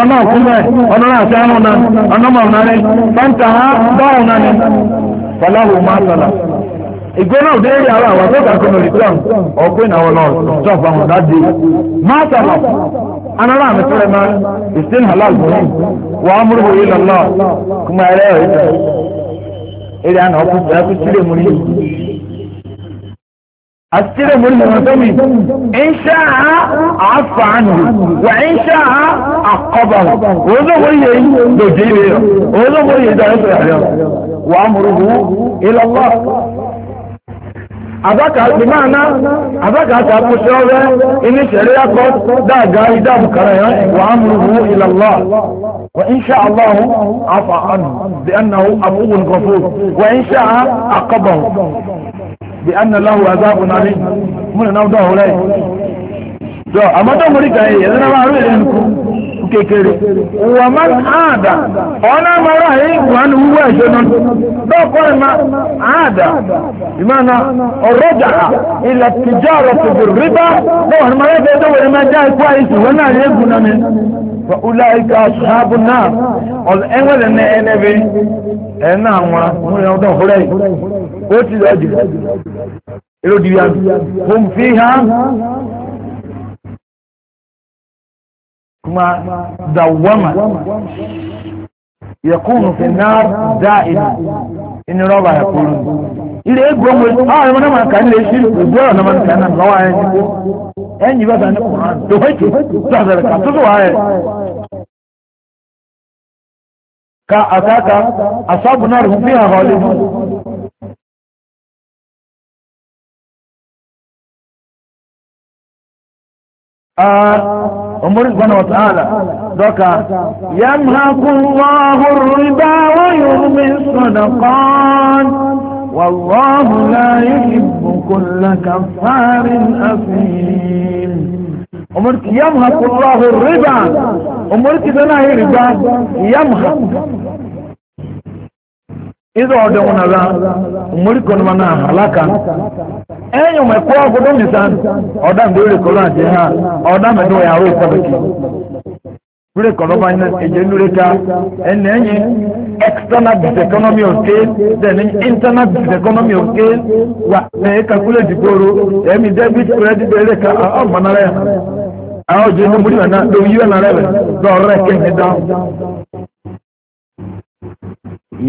ọ̀nà ọ̀kúnlẹ̀ ọ̀nà àti àrùn náà ọ̀nà mọ̀ọ̀nà rẹ̀ fẹ́ntà dọ́ọ̀nà ni fọláhùn máa sọ̀rọ̀ ìgbóná òde rí ara àwọn tó kàkọ́ lórí tram ọ̀pẹ́ ìnáwó náà stop àwọn dájú máa sábà anára àmì tó máa ìsìn halal bọ̀rọ̀ wà á múrò wòye lọ́lọ́ kúmọ̀ ẹ̀rẹ́ ẹ̀rẹ́ ìtàn èrè àná ọkùn ìjà kú sílẹ̀ mú ní ọmọ tómi, ń ṣá àáfà ànú, wà ń ṣá àkọ́bà, òun ló wọ́n yẹ lòdì ilé ya òun ló wọ́n yẹ ya rẹ̀, ya abaka bimana abaka akakushobe ini sheria kot da gari da bukara ya wa amruhu ila Allah wa in sha Allah afa anhu bi annahu afuwun ghafur wa in sha aqabahu bi anna lahu azabun alim mun na da hulai to amma to muri kai yanzu na ba ruwa ku kékeré wọ́n máa ń àdà ọ̀nà àmọ́ra yìí wọ́n ń wúwọ́ ẹ̀ṣẹ́ náà lọ́kọ́ ìmá àdà ìmáná ọ̀rọ̀jà ilẹ̀ tìjọ́ ọ̀rọ̀ tòbí rírá lọ́wọ́n máa ń bẹ́ẹ̀ tó wọ́n máa já ikú àìsí wọ́n náà yẹ gùn náà mi. فأولئك أصحاب النار قال أول أن أنا بي أنا عمرا أنا يوضا هري قلت الأجل إلو ديان هم فيها kuma dawwama yakunu fi nar da'ima in roba ya kulu ile egbo mo ah mo na man kan le shi egbo na man kan na lawa ya ni en yi ba da ni qur'an to hoye ta da ka to wa ya ka ataka asabu nar hum fiha ghalibun ah أمور سبحانه وتعالى ذكا يمهق الله الربا ويرمي الصدقات والله لا يحب كل كفار أثيم أمرك يمهق الله الربا أمرك دناه ربا يمهق izo ọdọ wọn nara mmorikọ nọ na alaka ẹyìn e ọmọ ẹkọ ọgọdọ nìsan ọdọ mbẹrẹ kọlọ àti ha ọdọ mẹdọ yà rọ pàtàkì mbẹrẹ kọlọ bá yẹn ẹjẹ nureka ẹnna ẹyìn external business economy of scale then internal economy of scale wa debit credit ka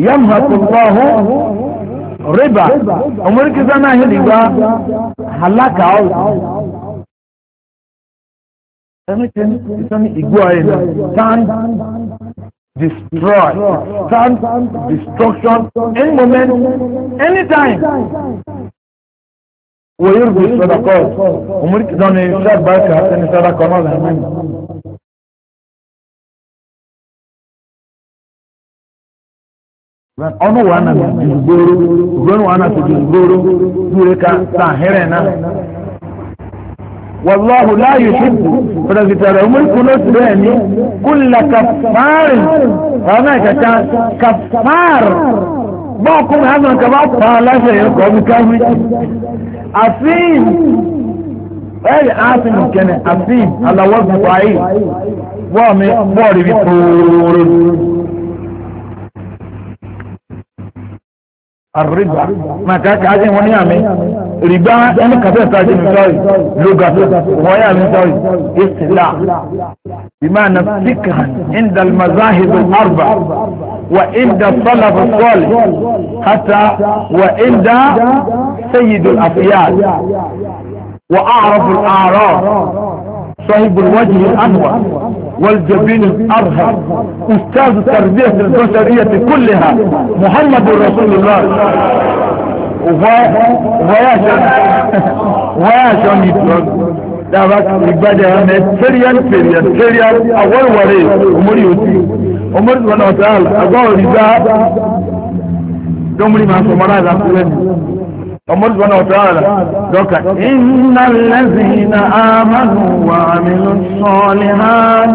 yamhakullahu riba umurki zana hi riba halaka au anything is only igwain stand destroy stand destruction any moment anytime ويربي الصدقات ومريك دوني شاب بركة عشان الصدقة ما لها منه ọnụ wa na jugboro ruonu wa na jugboro dure ka sa here na والله لا يحب فرزتر عمر كنوت بني كل كفار فما كان كفار باكم هذا كباب فلا شيء يقوم كامل عفين اي عفين كان عفين على وزن ضعيف وامي بوري بطول àrígbà màkà káàkiri wọn ní àmì rìgbà ẹni kàfẹ́ káàkiri mi sọ́ọ̀rì lógàtò wọ́n yà mí sọ́ọ̀rì ìsìlá ìmáàna síkà ìndà mazahibu arba wa ìndà sọ́làfù sọ́ọ̀lì hàtà wa ìndà sẹ́yìdù àfíyàl wa àrọ̀fù àrọ̀ sọ́hìbù wájú ànwà. والجبين الاظهر أستاذ تربية البشرية كلها محمد رسول الله وياشن وياشن يتوقع دعوات إبادة همت سريان سريان سريان أول ولي أمري يوتي أمر سبحانه وتعالى أقول رزاق دومري ما سمرا ذا ربنا سبحانه وتعالى ذوك إن الذين آمنوا وعملوا الصالحات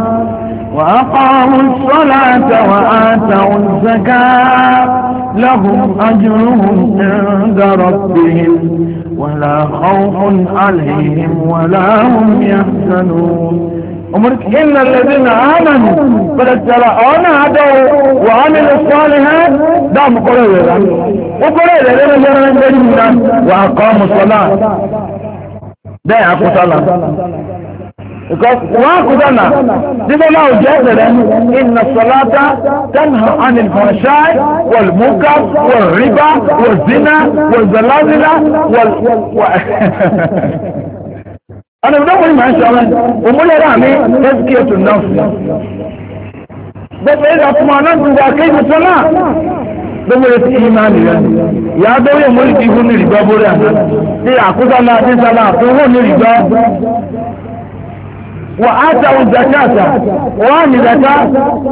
وأقاموا الصلاة وآتوا الزكاة لهم أجرهم عند ربهم ولا خوف عليهم ولا هم يحزنون إن الذين آمنوا فلتلاقون عدوا وعمل الصالحات دعم قريبا وقريبا لنا جرى من دليلنا وأقاموا الصلاة ده يعقوا صلاة وأخذنا لذا ما جادلا إن الصلاة تنهى عن الفحشاء والمنكر والربا والزنا والزلازلة وال... و... ọ̀nà ìdókòwò máa ń sọ wọn òmúlẹ̀rọ àmì lẹ́sìkì ètò náà gbogbo ẹ̀rọ ọkùnrin náà ti wà kéjì tó náà gbogbo ẹ̀rọ ti máa ń rẹ̀ ìyá abẹ́rẹ́ ìmúlẹ̀ ti hún ní ìrìgbọ́ bórí àná tí àkúsọ náà ti sọlá tó hún ní ìrìgbọ́ wà á ta ohun zakata wà á ní zaka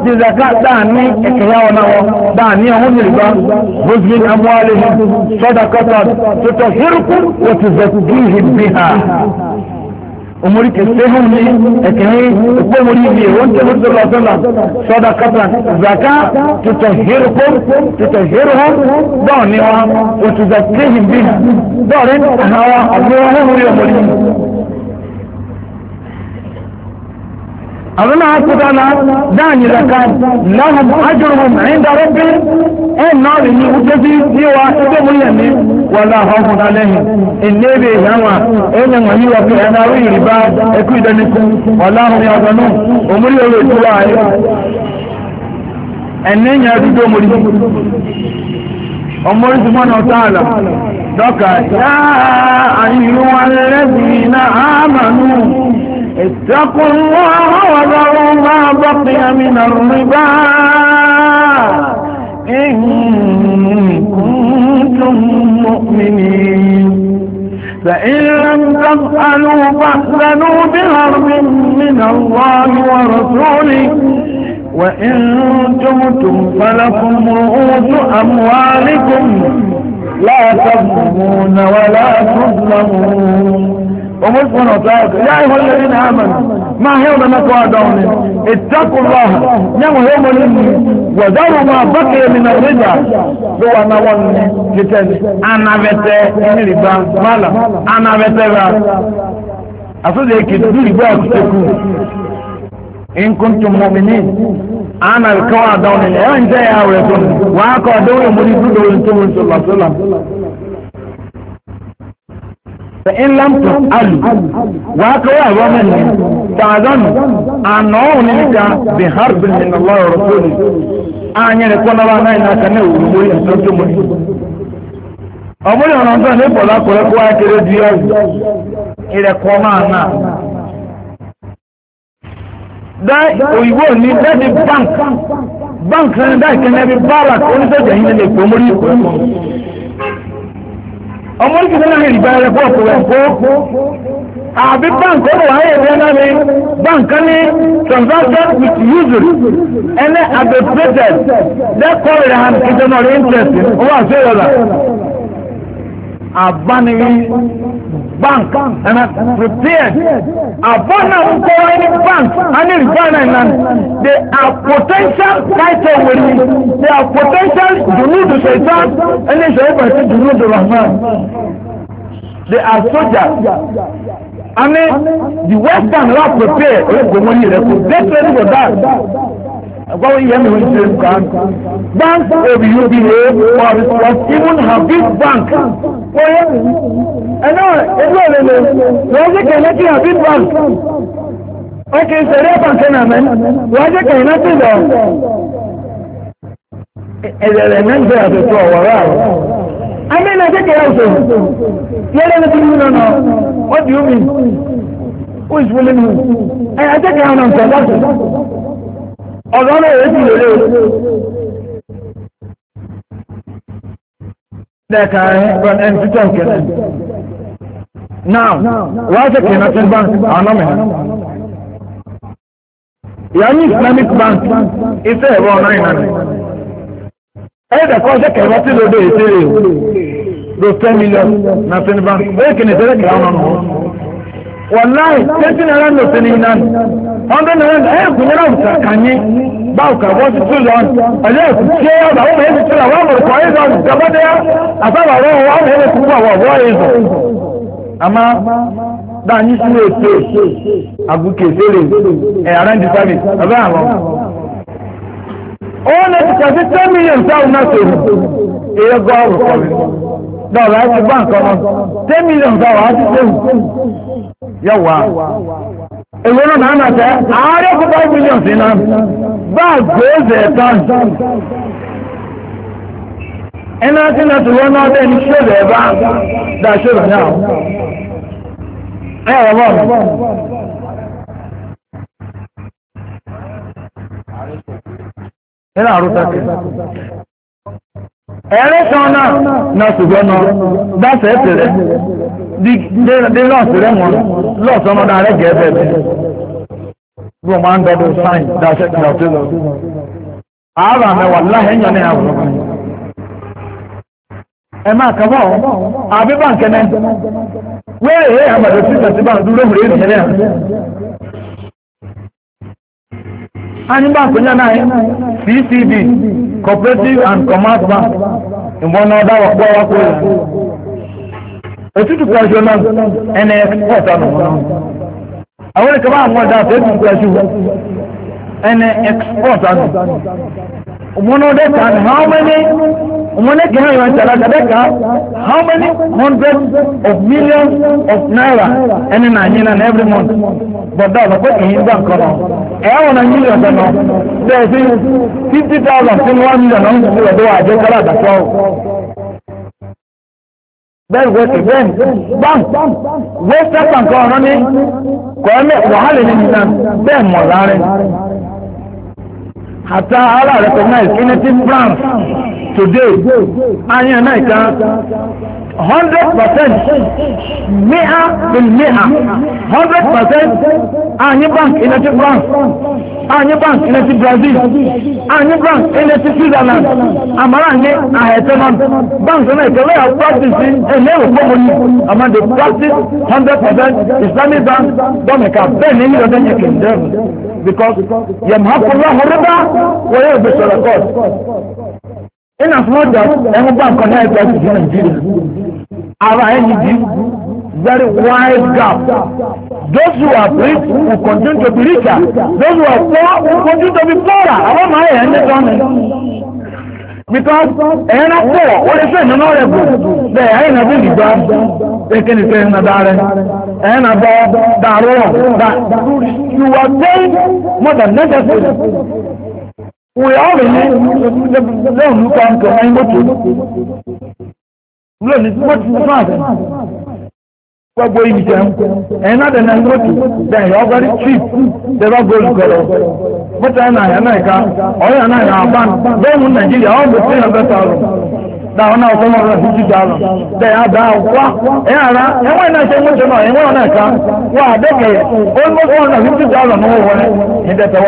ti zaka dáàní ìkẹyà ọ̀nà wọn dáàní ọ̀hún ní ìrìgbọ́ muslim amualehi sọdakọtọ tuntun hirukú wọ́n ti zẹkù bí ìhìn bí ha umuri kesehun ni ekene ko muri ni won te mur sallallahu alaihi wasallam sada katra zaka tutahhirukum tutahhiruhum dawni wa wa tuzakkihim biha dawren hawa abuna muri muri أظن أكتنا داني لكان لهم أجرهم عند ربهم إن نار يوجد سوى إبن يمين wala hafun alaihim innebe yawa enye wani wa fi ana wi riba eku idaniku wala hum yazanu omuri owe tuwa ayi enne nya dudo omuri ya amanu اتقوا الله وذروا ما بقي من المؤمنين فإن لم تفعلوا فاحذنوا بهرب من الله ورسوله وإن تمتم فلكم رؤوس أموالكم لا تظلمون ولا تظلمون ومن سبحانه وتعالى يا أيها الذين آمنوا ما هيوم نقوى دوني اتقوا الله نعم هيوم لني وذروا ما بقي من الربا هو نواني كتاب أنا بتي إن ربا مالا أنا بتي با أصدق يكتب ربا كتكو إن كنتم مؤمنين أنا الكوى دوني لأنت يا أولي وأكوى دوني مريد دوني صلى الله عليه وسلم in lamtun alu wa ka wa ba man ne fa'azanu anawu ne ka bi harbin min Allah wa anya ne kona nai na kana wu mu ya tutu mu ọmọ yẹn ọ̀nà ọ̀dọ́ ní bọ̀lá kọ̀rẹ́ kó akéré di ọ̀hún ilẹ̀ bank bank na ọmọ ìkìlẹ̀ náà ìgbà rẹ̀ pọ̀ pọ̀ pọ̀ àbí bank ọ̀rọ̀ ayé rẹ̀ náà ni bank ní transaction with usury ẹni abbreviated lẹ́kọ̀ọ́ rẹ̀ hàn ìjọba rẹ̀ interest owó àṣeyọ̀lá abaniri bank ẹnna prepared abanaru kọ́ra ẹni bank ẹni refinery nan they are potential kaita wẹ̀rẹ̀ they are potential dunudu seitan ẹni sẹ́yìn pẹ̀lú dunudu rahman they are soldiers ẹni the western rap prepare oye kò wọ́n yẹrẹ kò dé tẹ́lẹ̀ for that. What we have in this bank, banks of UBA or even have this bank. Ẹnà ẹgbẹ́ rẹ̀ lè wọ́n jẹ́ kẹ̀lẹ́ kí Habib bank. Ókè ìṣẹ̀lẹ̀ bank? náà mẹ́, wọ́n jẹ́ kẹ̀lẹ́ sí lọ. Ẹ̀rẹ̀ rẹ̀ náà ń bẹ̀rẹ̀ àtẹ̀tọ̀ ọ̀wọ̀rọ̀ àwọn. Ayé náà jẹ́ kẹ̀lẹ́ òṣèlú. Yẹ́rẹ́ ní bíbí náà, what do you mean? Who is willing to? Ẹ̀ ajẹ́ kẹ̀lẹ́ náà ń tẹ̀lé ọ̀rọ̀ náà èyí ti lè lẹ́ẹ̀ka ẹni títọ́ nkẹ́lẹ́ náà wọ́n á ṣe kìnnà tí bank àwọn ọmọ ẹ̀ islamic bank ife ẹ̀rọ ọ̀nà ìnáni ẹ̀ẹ́dẹ̀ kọ́ ṣe kẹ̀rọ tí lóde ètè rẹ̀ lọ ten million na ten bank bẹ́ẹ̀ kìnnìtẹ́rẹ́ kìnnà ọ̀nà ọ̀hún. wọláì tẹ́tí náírà ń lò sí ní iná nù ọdún náírà ẹ̀ kò nyẹ́rà òkúta kànyé bá òkúta bọ́ sí tú lọ́n ọ̀lẹ́ òkú tiẹ́ ọ̀dà wọ́n mẹ́rin tú lọ wọ́n mọ̀ kọ́ ẹ̀zọ́ ìjọbọ́dẹ́ àtàwọn ọ̀rọ̀ wọn mẹ́rin tú bọ̀ wọ̀ wọ́ ẹ̀zọ́ àmọ́ dáhùn sí ètò àbúkè sẹ́lẹ̀ ẹ̀ àrẹ́ǹdì sábì ọ̀bẹ́ àwọn ó lè ti kàfi ten million sáwọn náà sọ̀rọ̀ èyẹ gọ́ọ̀rù kọ́rin dọ́ọ̀lù àti gbọ́ nǹkan lọ ten million ta wàá ti tẹ̀wù yọ wá. èwo náà nàá nàá tẹ àárẹ̀ kó five million sí náà báàgì òzè tán. ẹnà tí náà tó lọ́nà ọdẹ ní ṣòro ẹ̀ bá dá ṣòro náà. ẹ ẹ wọ́n. nínú àrùn tàkì. ẹ̀rẹ́ kan dáṣẹ́ ẹ̀sẹ̀ rẹ̀ lọ́ọ̀sì rẹ̀ wọn lọ́ọ̀sì gẹ̀ẹ́ bẹ́ẹ̀ bí wọ́n máa ń dọ́dọ̀ sáìn dáṣẹ́ kí lọ. àárọ̀ àmẹ́wà láhẹ́ ní àwọn ọmọ ẹ máa kà bọ̀ àbí báńkì náà wẹ́rẹ̀ ẹ̀ bá ń dúró mìíràn cooperative and commerce bank one other ọ̀pọ̀ wa kó yẹn. na kọ́ṣọ́ náà ẹni export àná wọn náà. àwọn ìkàwé àwọn ọ̀dà àtẹ̀tù kọ́ṣọ́ ẹni export àná. ìwọ́nà ọ̀dà kan how many ìwọ́nà kìí hàn yọ̀ ẹ̀ńtẹ̀lá how many hundreds of millions of naira ẹni na nyina na every month. bọ̀dá ọ̀dọ̀ pé kìí bank ọ̀nà. ẹ̀wọ̀n náà yíyan sọ̀nà sí fifty thousand sí one million náà ń sùn lọ́dọ̀ kọ́lá àgbàsọ́ bẹ́ẹ̀ wọ́n ti bẹ́ẹ̀ bam wọ́n sẹ́pà nǹkan ọ̀rọ̀ ní kọ́ọ́mẹ́ wàhálà ní nìkan bẹ́ẹ̀ mọ̀ láàrin. àtà ara rẹ̀ kọ́ france. today ayan náà kan hundred percent miha bin miha hundred percent anyi bank ilẹ̀ ti france anyi bank ilẹ̀ ti brazil anyi bank ilẹ̀ ti switzerland àmàlà anyi àhẹ̀tẹ̀ náà bank náà ìkẹlẹ́ yà practice ẹ̀lẹ́ òkòmò ni àmà dey practice hundred percent islamic bank dọ́mìkà bẹ́ẹ̀ ni yíyọ dẹ́yẹ kìí dẹ́rù because yẹ̀mú hapò lọ́hùn rẹ́bà wọ́n yóò gbèsè rẹ̀ kọ́ọ̀tù ina flooda ẹnu bá nǹkan náà ẹgbẹ́ ìdíje nàìjíríà ara ẹni di very wide gap those who are rich will continue to be richer those who are poor will continue to be poorer àwọn máa yẹ ẹni tán ni because ẹ̀yẹ́ náà pọ̀ wọ́n lè fẹ́ ìnáná rẹ̀ bù bẹ́ẹ̀ ẹ̀yẹ́ náà bí ìgbà ẹ̀kẹ́ ní sẹ́yìn náà dáa rẹ̀ ẹ̀yẹ́ náà bọ́ dàrú that you are paying more than necessary. we all lóun ní ká nǹkan ẹni mọ́tò lóun ní mọ́tò fún àdá gbogbo ibi jẹun ẹni náà dẹ̀nà ẹni mọ́tò dẹ̀yìn ọgbẹ́rí trip dẹ̀bá gold gọ̀rọ̀ mọ́tò ẹni àyà náà ká ọ̀yà náà yà àbá lóun nàìjíríà ọ̀hún bẹ̀ three hundred thousand dáwọn náà fọwọ́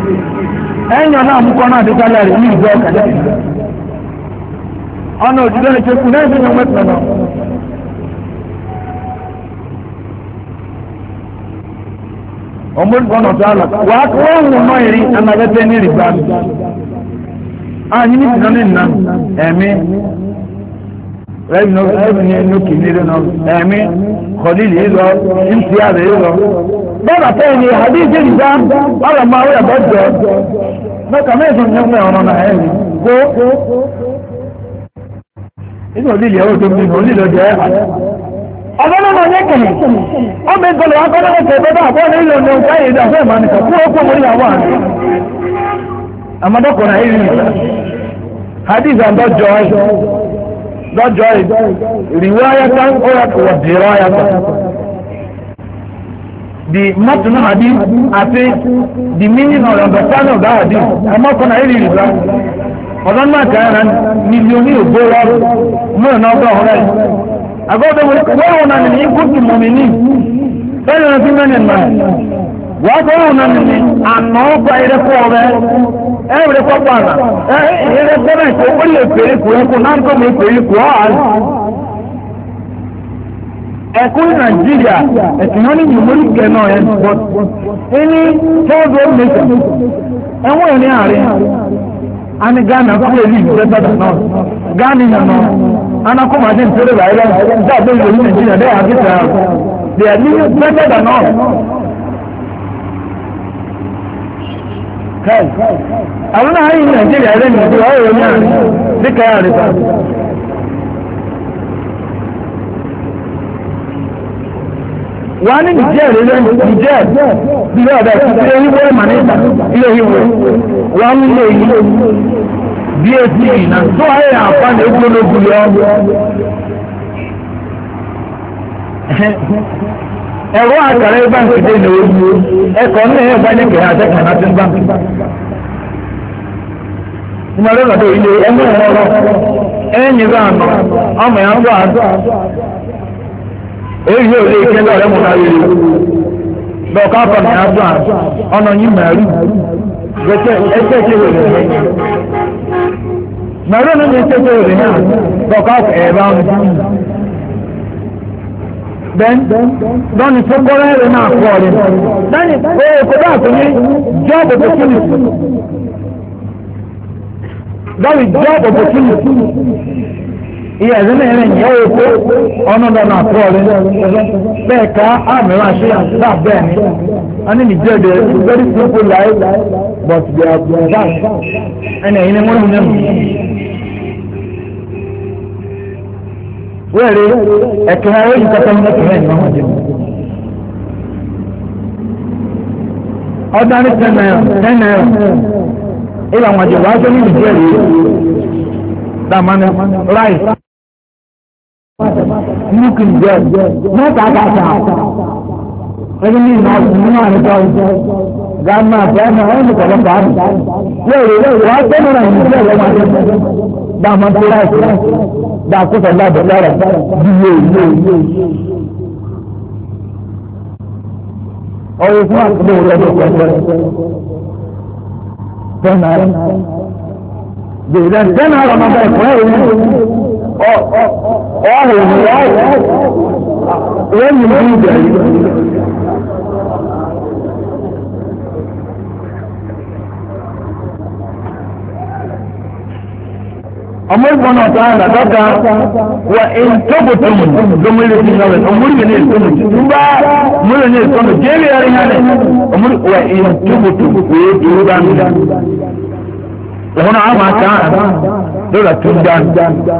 ẹ̀yìn ọ̀nà àmúkọ́ náà ti sálẹ̀ rẹ̀ ní ìgbẹ́ ọ̀kadà ọ̀nà òjìdá ìṣekú náà ṣe yan mẹ́tọ̀ náà. ọmọdé ọ̀nà tó àlọ́ wà á kọ́ ọ̀hún náà rí anábẹ́tẹ́ ní rìbá mi ààyè ní ìdáná ní ìnáná ẹ̀mí rẹ́bìnrin ní ẹ̀mí kìnìún náà ẹ̀mí kọ̀dílì yìí lọ ìmùsíyà rẹ̀ yìí lọ. na àtẹ́yìn àdéhìí ìdá ọ̀rọ̀ máa wẹ̀ bọ́jọ́ lọ́kà mẹ́sàn-án ní ọmọ ọ̀rọ̀ náà ẹ̀rí kó inú olílẹ̀ ó tó bí olílẹ̀ jẹ́ ọgọ́lọ́gbọ̀n ní kìnnì ọmọ ìgbọ̀lọ̀ akọ́lọ́gbọ̀n tó bá àbọ̀ nílò ní ọjọ́ ìdá kú and dọ́jọ́ ẹ̀ dọ́jọ́ ẹ̀ ó wọ̀ dìrọ̀ the matun hadith àti the meaning or understanding of that hadith ọmọ kan ayé rírì bá ọ̀dọ́ náà kàn án mílíọ̀nù ògbó wọ́ọ̀rù mọ́ọ̀nà ọgbọ́n ọ̀rẹ́ yìí agbọ́dọ̀ wọ́ọ̀rù náà nìyí kúkú mọ̀mìnì bẹ́ẹ̀ náà tún mẹ́rin mọ́ wọ́ọ̀rù náà nìyí àná ọgbà ẹ̀rẹ́kọ́ ọ̀rẹ́ ẹ̀rẹ́kọ́ gbàgbà ẹ̀rẹ́kọ́ náà ìkó ó lè pèrè kù ẹ̀kú náà ń kọ́ mi pèrè kù ọ́ ẹ̀kún nàìjíríà ẹ̀sìn wọn ní ìmúrí kẹ́nà ẹ̀ but ẹni third world nation ẹ̀wọ̀n ẹ̀ ní àárín ani ghana kú èyí ìgbésẹ̀ náà ghana nànà anakọ́mọ àti ìtòrè bàyẹ̀lẹ̀ nígbà tó ìlú nàìjíríà bẹ́ẹ̀ àkíkà they are living better àwọn ní wà ní nìjẹ́ ìrẹ́lẹ́ nìjẹ́ ilé ọ̀dọ̀ ilé yìí wọ́n mà níta ilé yìí wọ́n wà ń lè yí bí etí ìná tó ayé àǹfààní egbólógbò yọ. ẹ̀rọ àkàrà báńkì dé ní ojú ẹ̀kọ́ ní ẹ̀yẹ́ báńkì kẹ̀yà àtẹ̀kẹ̀ náà ti ń báńkì. ìmọ̀lẹ́ ọ̀dọ̀ ilé ẹgbẹ́ ìrọ̀rọ̀ ẹ̀yìn bá àná ọmọ ẹ̀ ń bọ̀ àdó èyí ò lè jẹ́ lọ́rẹ́ mọ̀ náà yìí lọ ká kọ̀ ní adùn ọ̀nà yìí mẹ́rù ẹgbẹ́ tí ó lè rẹ̀ mẹ́rù ní ẹgbẹ́ tí ó lè rẹ̀ lọ ká kọ̀ ẹ̀rọ ọ̀nà yìí bẹ́ẹ̀ lọ́nà tó kọ́rọ́ ẹ̀rọ náà kọ́ ọ̀rẹ́ lẹ́yìn tó kí ni lọ́rì jọ́ọ̀bù tó ìyá ẹ̀rí náà rẹ̀ yẹ oko ọ̀nàdànà àpọ̀ rẹ̀ bẹ́ẹ̀ ká àmì wá ṣe àṣà bẹ́ẹ̀ ni a ní nìjẹ́ de very simple life but they are advanced ẹni ẹ̀yin ni wọ́n ń nẹ́mu. wẹ́ẹ̀rẹ́ ẹ̀kẹ́ ẹ̀rọ yìí kọ́kọ́ ní ẹ̀kẹ́ ẹ̀yìn máa jẹ́ ọ̀dà ní ten naira ten naira ìlànà àjẹ̀wò aṣọ ní nìjẹ́ da dàmánà rice looking good, not that at all. What do you mean, not one at all? Grandma, grandma, I'm the color card. Yeah, yeah, yeah, I don't know. Yeah, yeah, yeah. That must be right. That could have been better. Yeah, yeah, yeah. Or oh, it's not the way that it's better. Then I, then I don't know ọ̀hún wọ́n yìí ní ìjà yìí. ọmọ ìbọn náà sáà nà dọ́ta wà ń tóbi tóbi lómi lè fi náwó ọmọ ìbọn náà tóbi túbà múlò ní ìtọ́nù jẹ́rì ẹ̀rí hánẹ̀ ọmọ wà ń tóbi tóbi kò yé dúró bá mi. òun náà á máa sáà lọ́la tó dáa.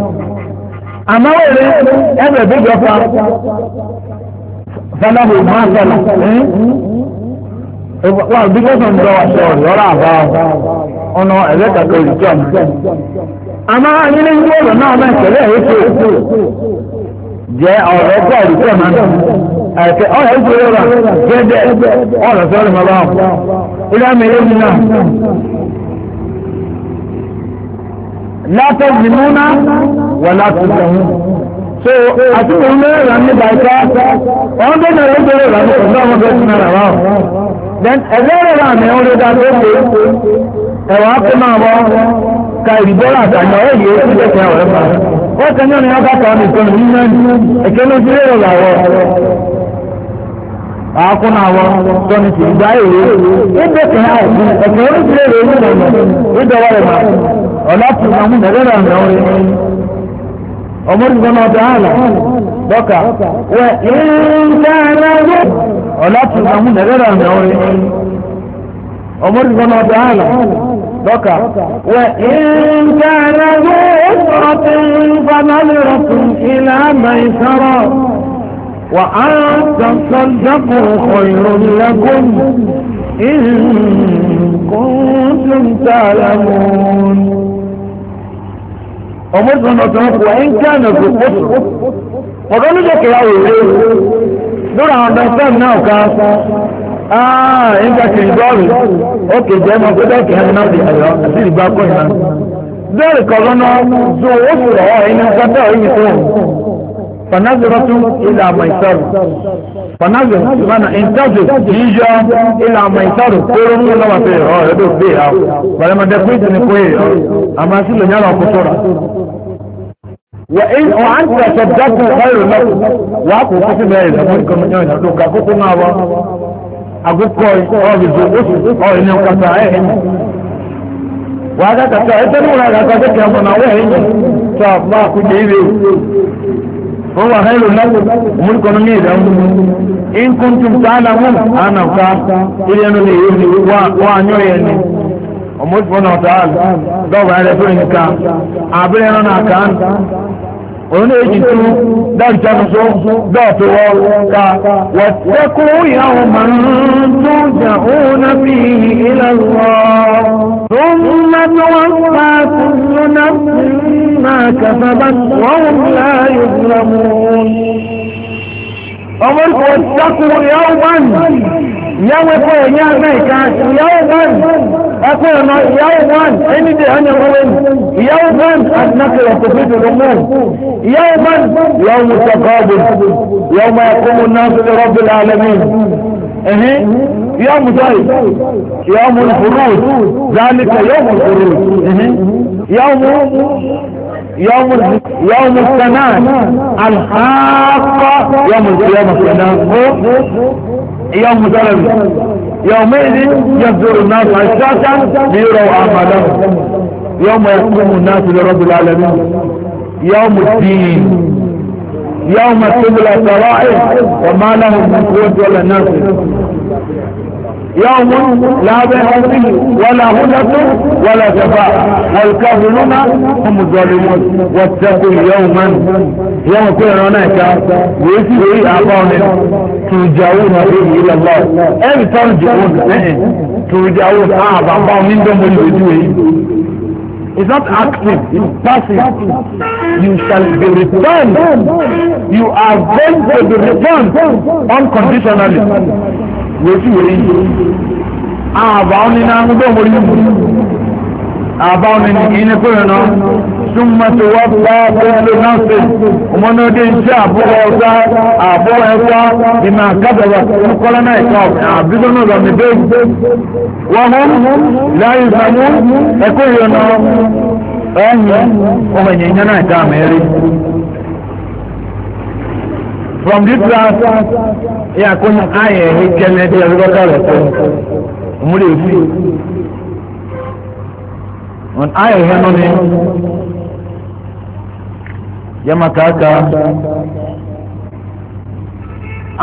àmọ́wèrè ẹ̀bẹ̀ bí jọba fẹ́lẹ́bù máa sọ̀nà wọ́n bí gbọ́dọ̀ ń lọ aṣọ ìrọ́lá àbá ọ̀nà ẹ̀rẹ́ kàkọ́ ìjọ mi. àmọ́ ayílé ń gbọ́dọ̀ náà máa tẹ̀lé èso jẹ́ ọ̀rọ̀ ẹ̀kọ́ wọlá tó lẹ́hún. so àti òun lẹ́rẹ̀ rà ní bàtà ọ̀hún tó nà lọ́dọ̀ rẹ̀ rà ní ọ̀dọ́ àwọn tó ti nàrà wà. then ẹ̀fẹ́ rẹ̀ rà mí ọ̀rẹ́ dá tó ṣe ẹ̀wọ̀ á kó máa wọ ka ìdìbọ́lá àtàlẹ́ ọ̀rẹ́ yìí ó ti tẹ̀sẹ̀ ọ̀rẹ́ pa. wọ́n kàn ní ọ̀nà yàtọ̀ kan nìkan ní mẹ́rin ẹ̀kẹ́ ló ti rẹ̀ rà wọ̀ àákún àwọn tọ́ni ti gba èrè ẹgbẹ́ kan àìsí ẹ̀kẹ́ orí ti rẹ̀ rẹ̀ ní ọ̀nà ìdọ̀wọ́ rẹ̀ máa ọ̀lá ti máa mú náà rẹ̀ ọmọdé sọ́nà ọ̀tọ̀ hàn lọ́kà wẹ̀ ìrìnkàrẹ́wẹ̀ ọ̀làtún àwọn ẹ̀rẹ́rẹ́ àmì ọ̀rẹ́ ọmọdé sọ́nà ọ̀tọ̀ hàn lọ́kà wẹ̀ ìrìnkàrẹ́wẹ̀ ọ̀tọ̀ ìfànàlẹ́rọ̀tún ìlànà ìsọ̀rọ̀ wà á tọ̀sọ̀dọ́kùn ọ̀yọ̀ lẹ́kùn ìrìnkùn tún tààlà mọ́ọ́nù ọmọ tó nọ tó ń kú ẹ̀ ń kí àná kò kó ọ̀dọ́ nílò kìlá òwe lórí àwọn dọ́kítọ́n náà ká áá nígbà tí ìgbọ́ọ̀rù ó kè jẹ́ ọmọ pé dọ́kì ẹ̀ náà ti ẹ̀rọ àti ìgbà kọ́ ìmọ̀ bẹ́ẹ̀ kọ́ lọ́nà tó o sì rọ̀ ọ́ ẹni kọ́tà ẹ̀yìn tó فنظرة إلى ميسر فنظرة بمعنى انتظر يجا إلى ميسر كورو الله وفيه اه يدوك بيها ولما دفيت نكويه أما سيلو نيالا وكسورة وإن أعنت شدته خير لك وأكو كسب هاي لأمريكا من يوين أدوك أكو كنابا أكو كوي أو بزوء أو إنه كسائه وهذا كسائه تنورا كسائه كسائه كسائه كسائه كسائه كسائه هو خير لكم ملكم نيدهم إن كنتم تعلمون أنا فا إلي أنه يبني وأنيو يعني ومجبنا وتعالى دوب على فرنكا عبرنا كان òun èjì tó dáìjánu tó dọ́ọ̀tọ̀ wọ́n ká wọ́tẹ́kù ìyàwó máa ń tó jà òun náà fi ilẹ̀ lọ. tó ń má tó wọ́n pa kúrò náà máa kàfàbà wọ́n láàyò lọ́mú. ọmọ ìkọ̀ wọ́tẹ́kù ìyàwó máa ń ìyáwó ẹ̀kọ́ ẹ̀ ní àgbẹ̀ ìka ìyáwó bọ́ọ̀n ẹ̀kọ́ ọ̀nà ìyáwó bọ́ọ̀n ẹni dè ọ́nyẹ̀ wọlé ìyáwó bọ́ọ̀n àtúnákẹ́ ọ̀pọ̀ fídíò lọ́mọ́ ìyáwó bọ́ọ̀n yọ̀ọ́ mu sọ̀kọ́ ọ̀bùn yọ̀ọ́ mu ẹ̀kọ́ mu náà sọ̀rọ̀ rọ́bì lálẹ́mí ẹ̀hìn yọ̀ọ́ mu sọ̀rọ̀ yọ̀ọ́ mu fúrú zálìkẹ̀ yọ̀ọ́ mu fúrú yọ̀ọ́ mu يوم يوم الثناء الحاقة يوم القيامة الثناء يوم درج يومئذ يصدر الناس اشتاتا ليروا اعمالهم يوم يقوم الناس لرب العالمين يوم الدين يوم تبلى سرائر وما لهم من قوه ولا ناصر يوم لا بيع فيه ولا هدى ولا شفاعة والكافرون هم الظالمون واتقوا يوما يوم كل هناك يسيء أعطان ترجعون فيه إلى الله أي ترجعون ترجعون أعظم من دم الوجوه It's not active, it's passive. You shall be returned. You are going to be returned unconditionally wotu wòle àbáwọn nínú agbó wòle àbáwọn nínú ìní kúrò náà súnmọ́tò wá bá gbogbo náà sí ọmọdé iṣẹ́ àbúrò ọ̀sá àbúrò ẹ̀sá ìmọ̀ àkàbẹ̀wẹ̀ kọ́lá náà ẹ̀kọ́ àbíkọ́ náà lọ mí dé wọ́n mú láyé ìfàmú ẹ̀kọ́ ìrọ̀nà ẹ̀yìn ọmọ ìyẹn náà ẹ̀ka àmì rí from this class ẹ àkóyún ayẹ ẹ̀hìn kẹlẹ́ bí ẹ̀rọ kọ́kọ́ rẹ̀ tó múlẹ̀ èkú wọn ayẹ ẹ̀hìn nù ni yẹmà kàkà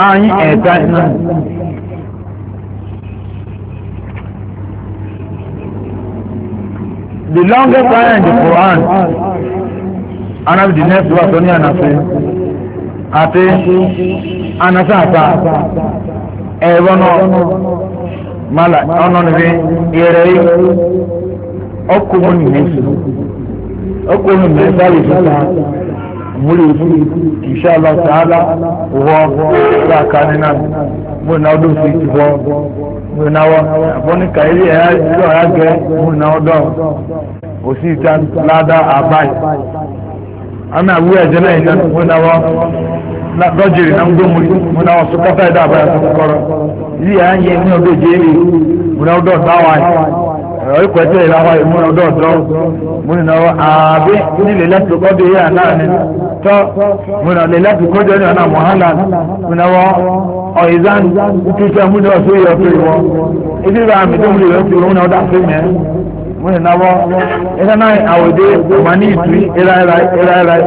ayin ẹ̀ta iná. The longest ayah in the Quran, and the next verse only an àti anasáàpá ẹ̀rọ náà mala ọ̀nà níbi ìrẹ̀ ọkùnrin mẹ́sì ọkùnrin mẹ́sì àlùfáà na fún ìṣàlá sàálà wọ́ láàká nínà múlò ọdún sí ìwọ́ múlò àbọ́níkà ilé ẹ̀yà ìjọ àyàgẹ́ múlò ọdún ana abuwa jana ina munawa na dojiri na ngomuri munawa su kasa da baya su koro yi ya yi ni odo jeri munawa do dawai e, oyi ko tele la wai munawa do do munawa abi ni le lati ko de ya na ni to munawa le lati ko de na muhala munawa o izan tuta munawa so yo to wo ibi ba mi to munawa to munawa da fe mwenye nabo ila naye awede manitwi ila ila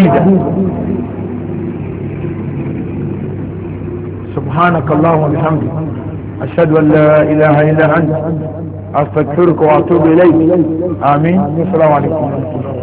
ila سبحانك اللهم وبحمدك أشهد أن لا إله إلا أنت أستغفرك وأتوب إليك آمين السلام عليكم ورحمة الله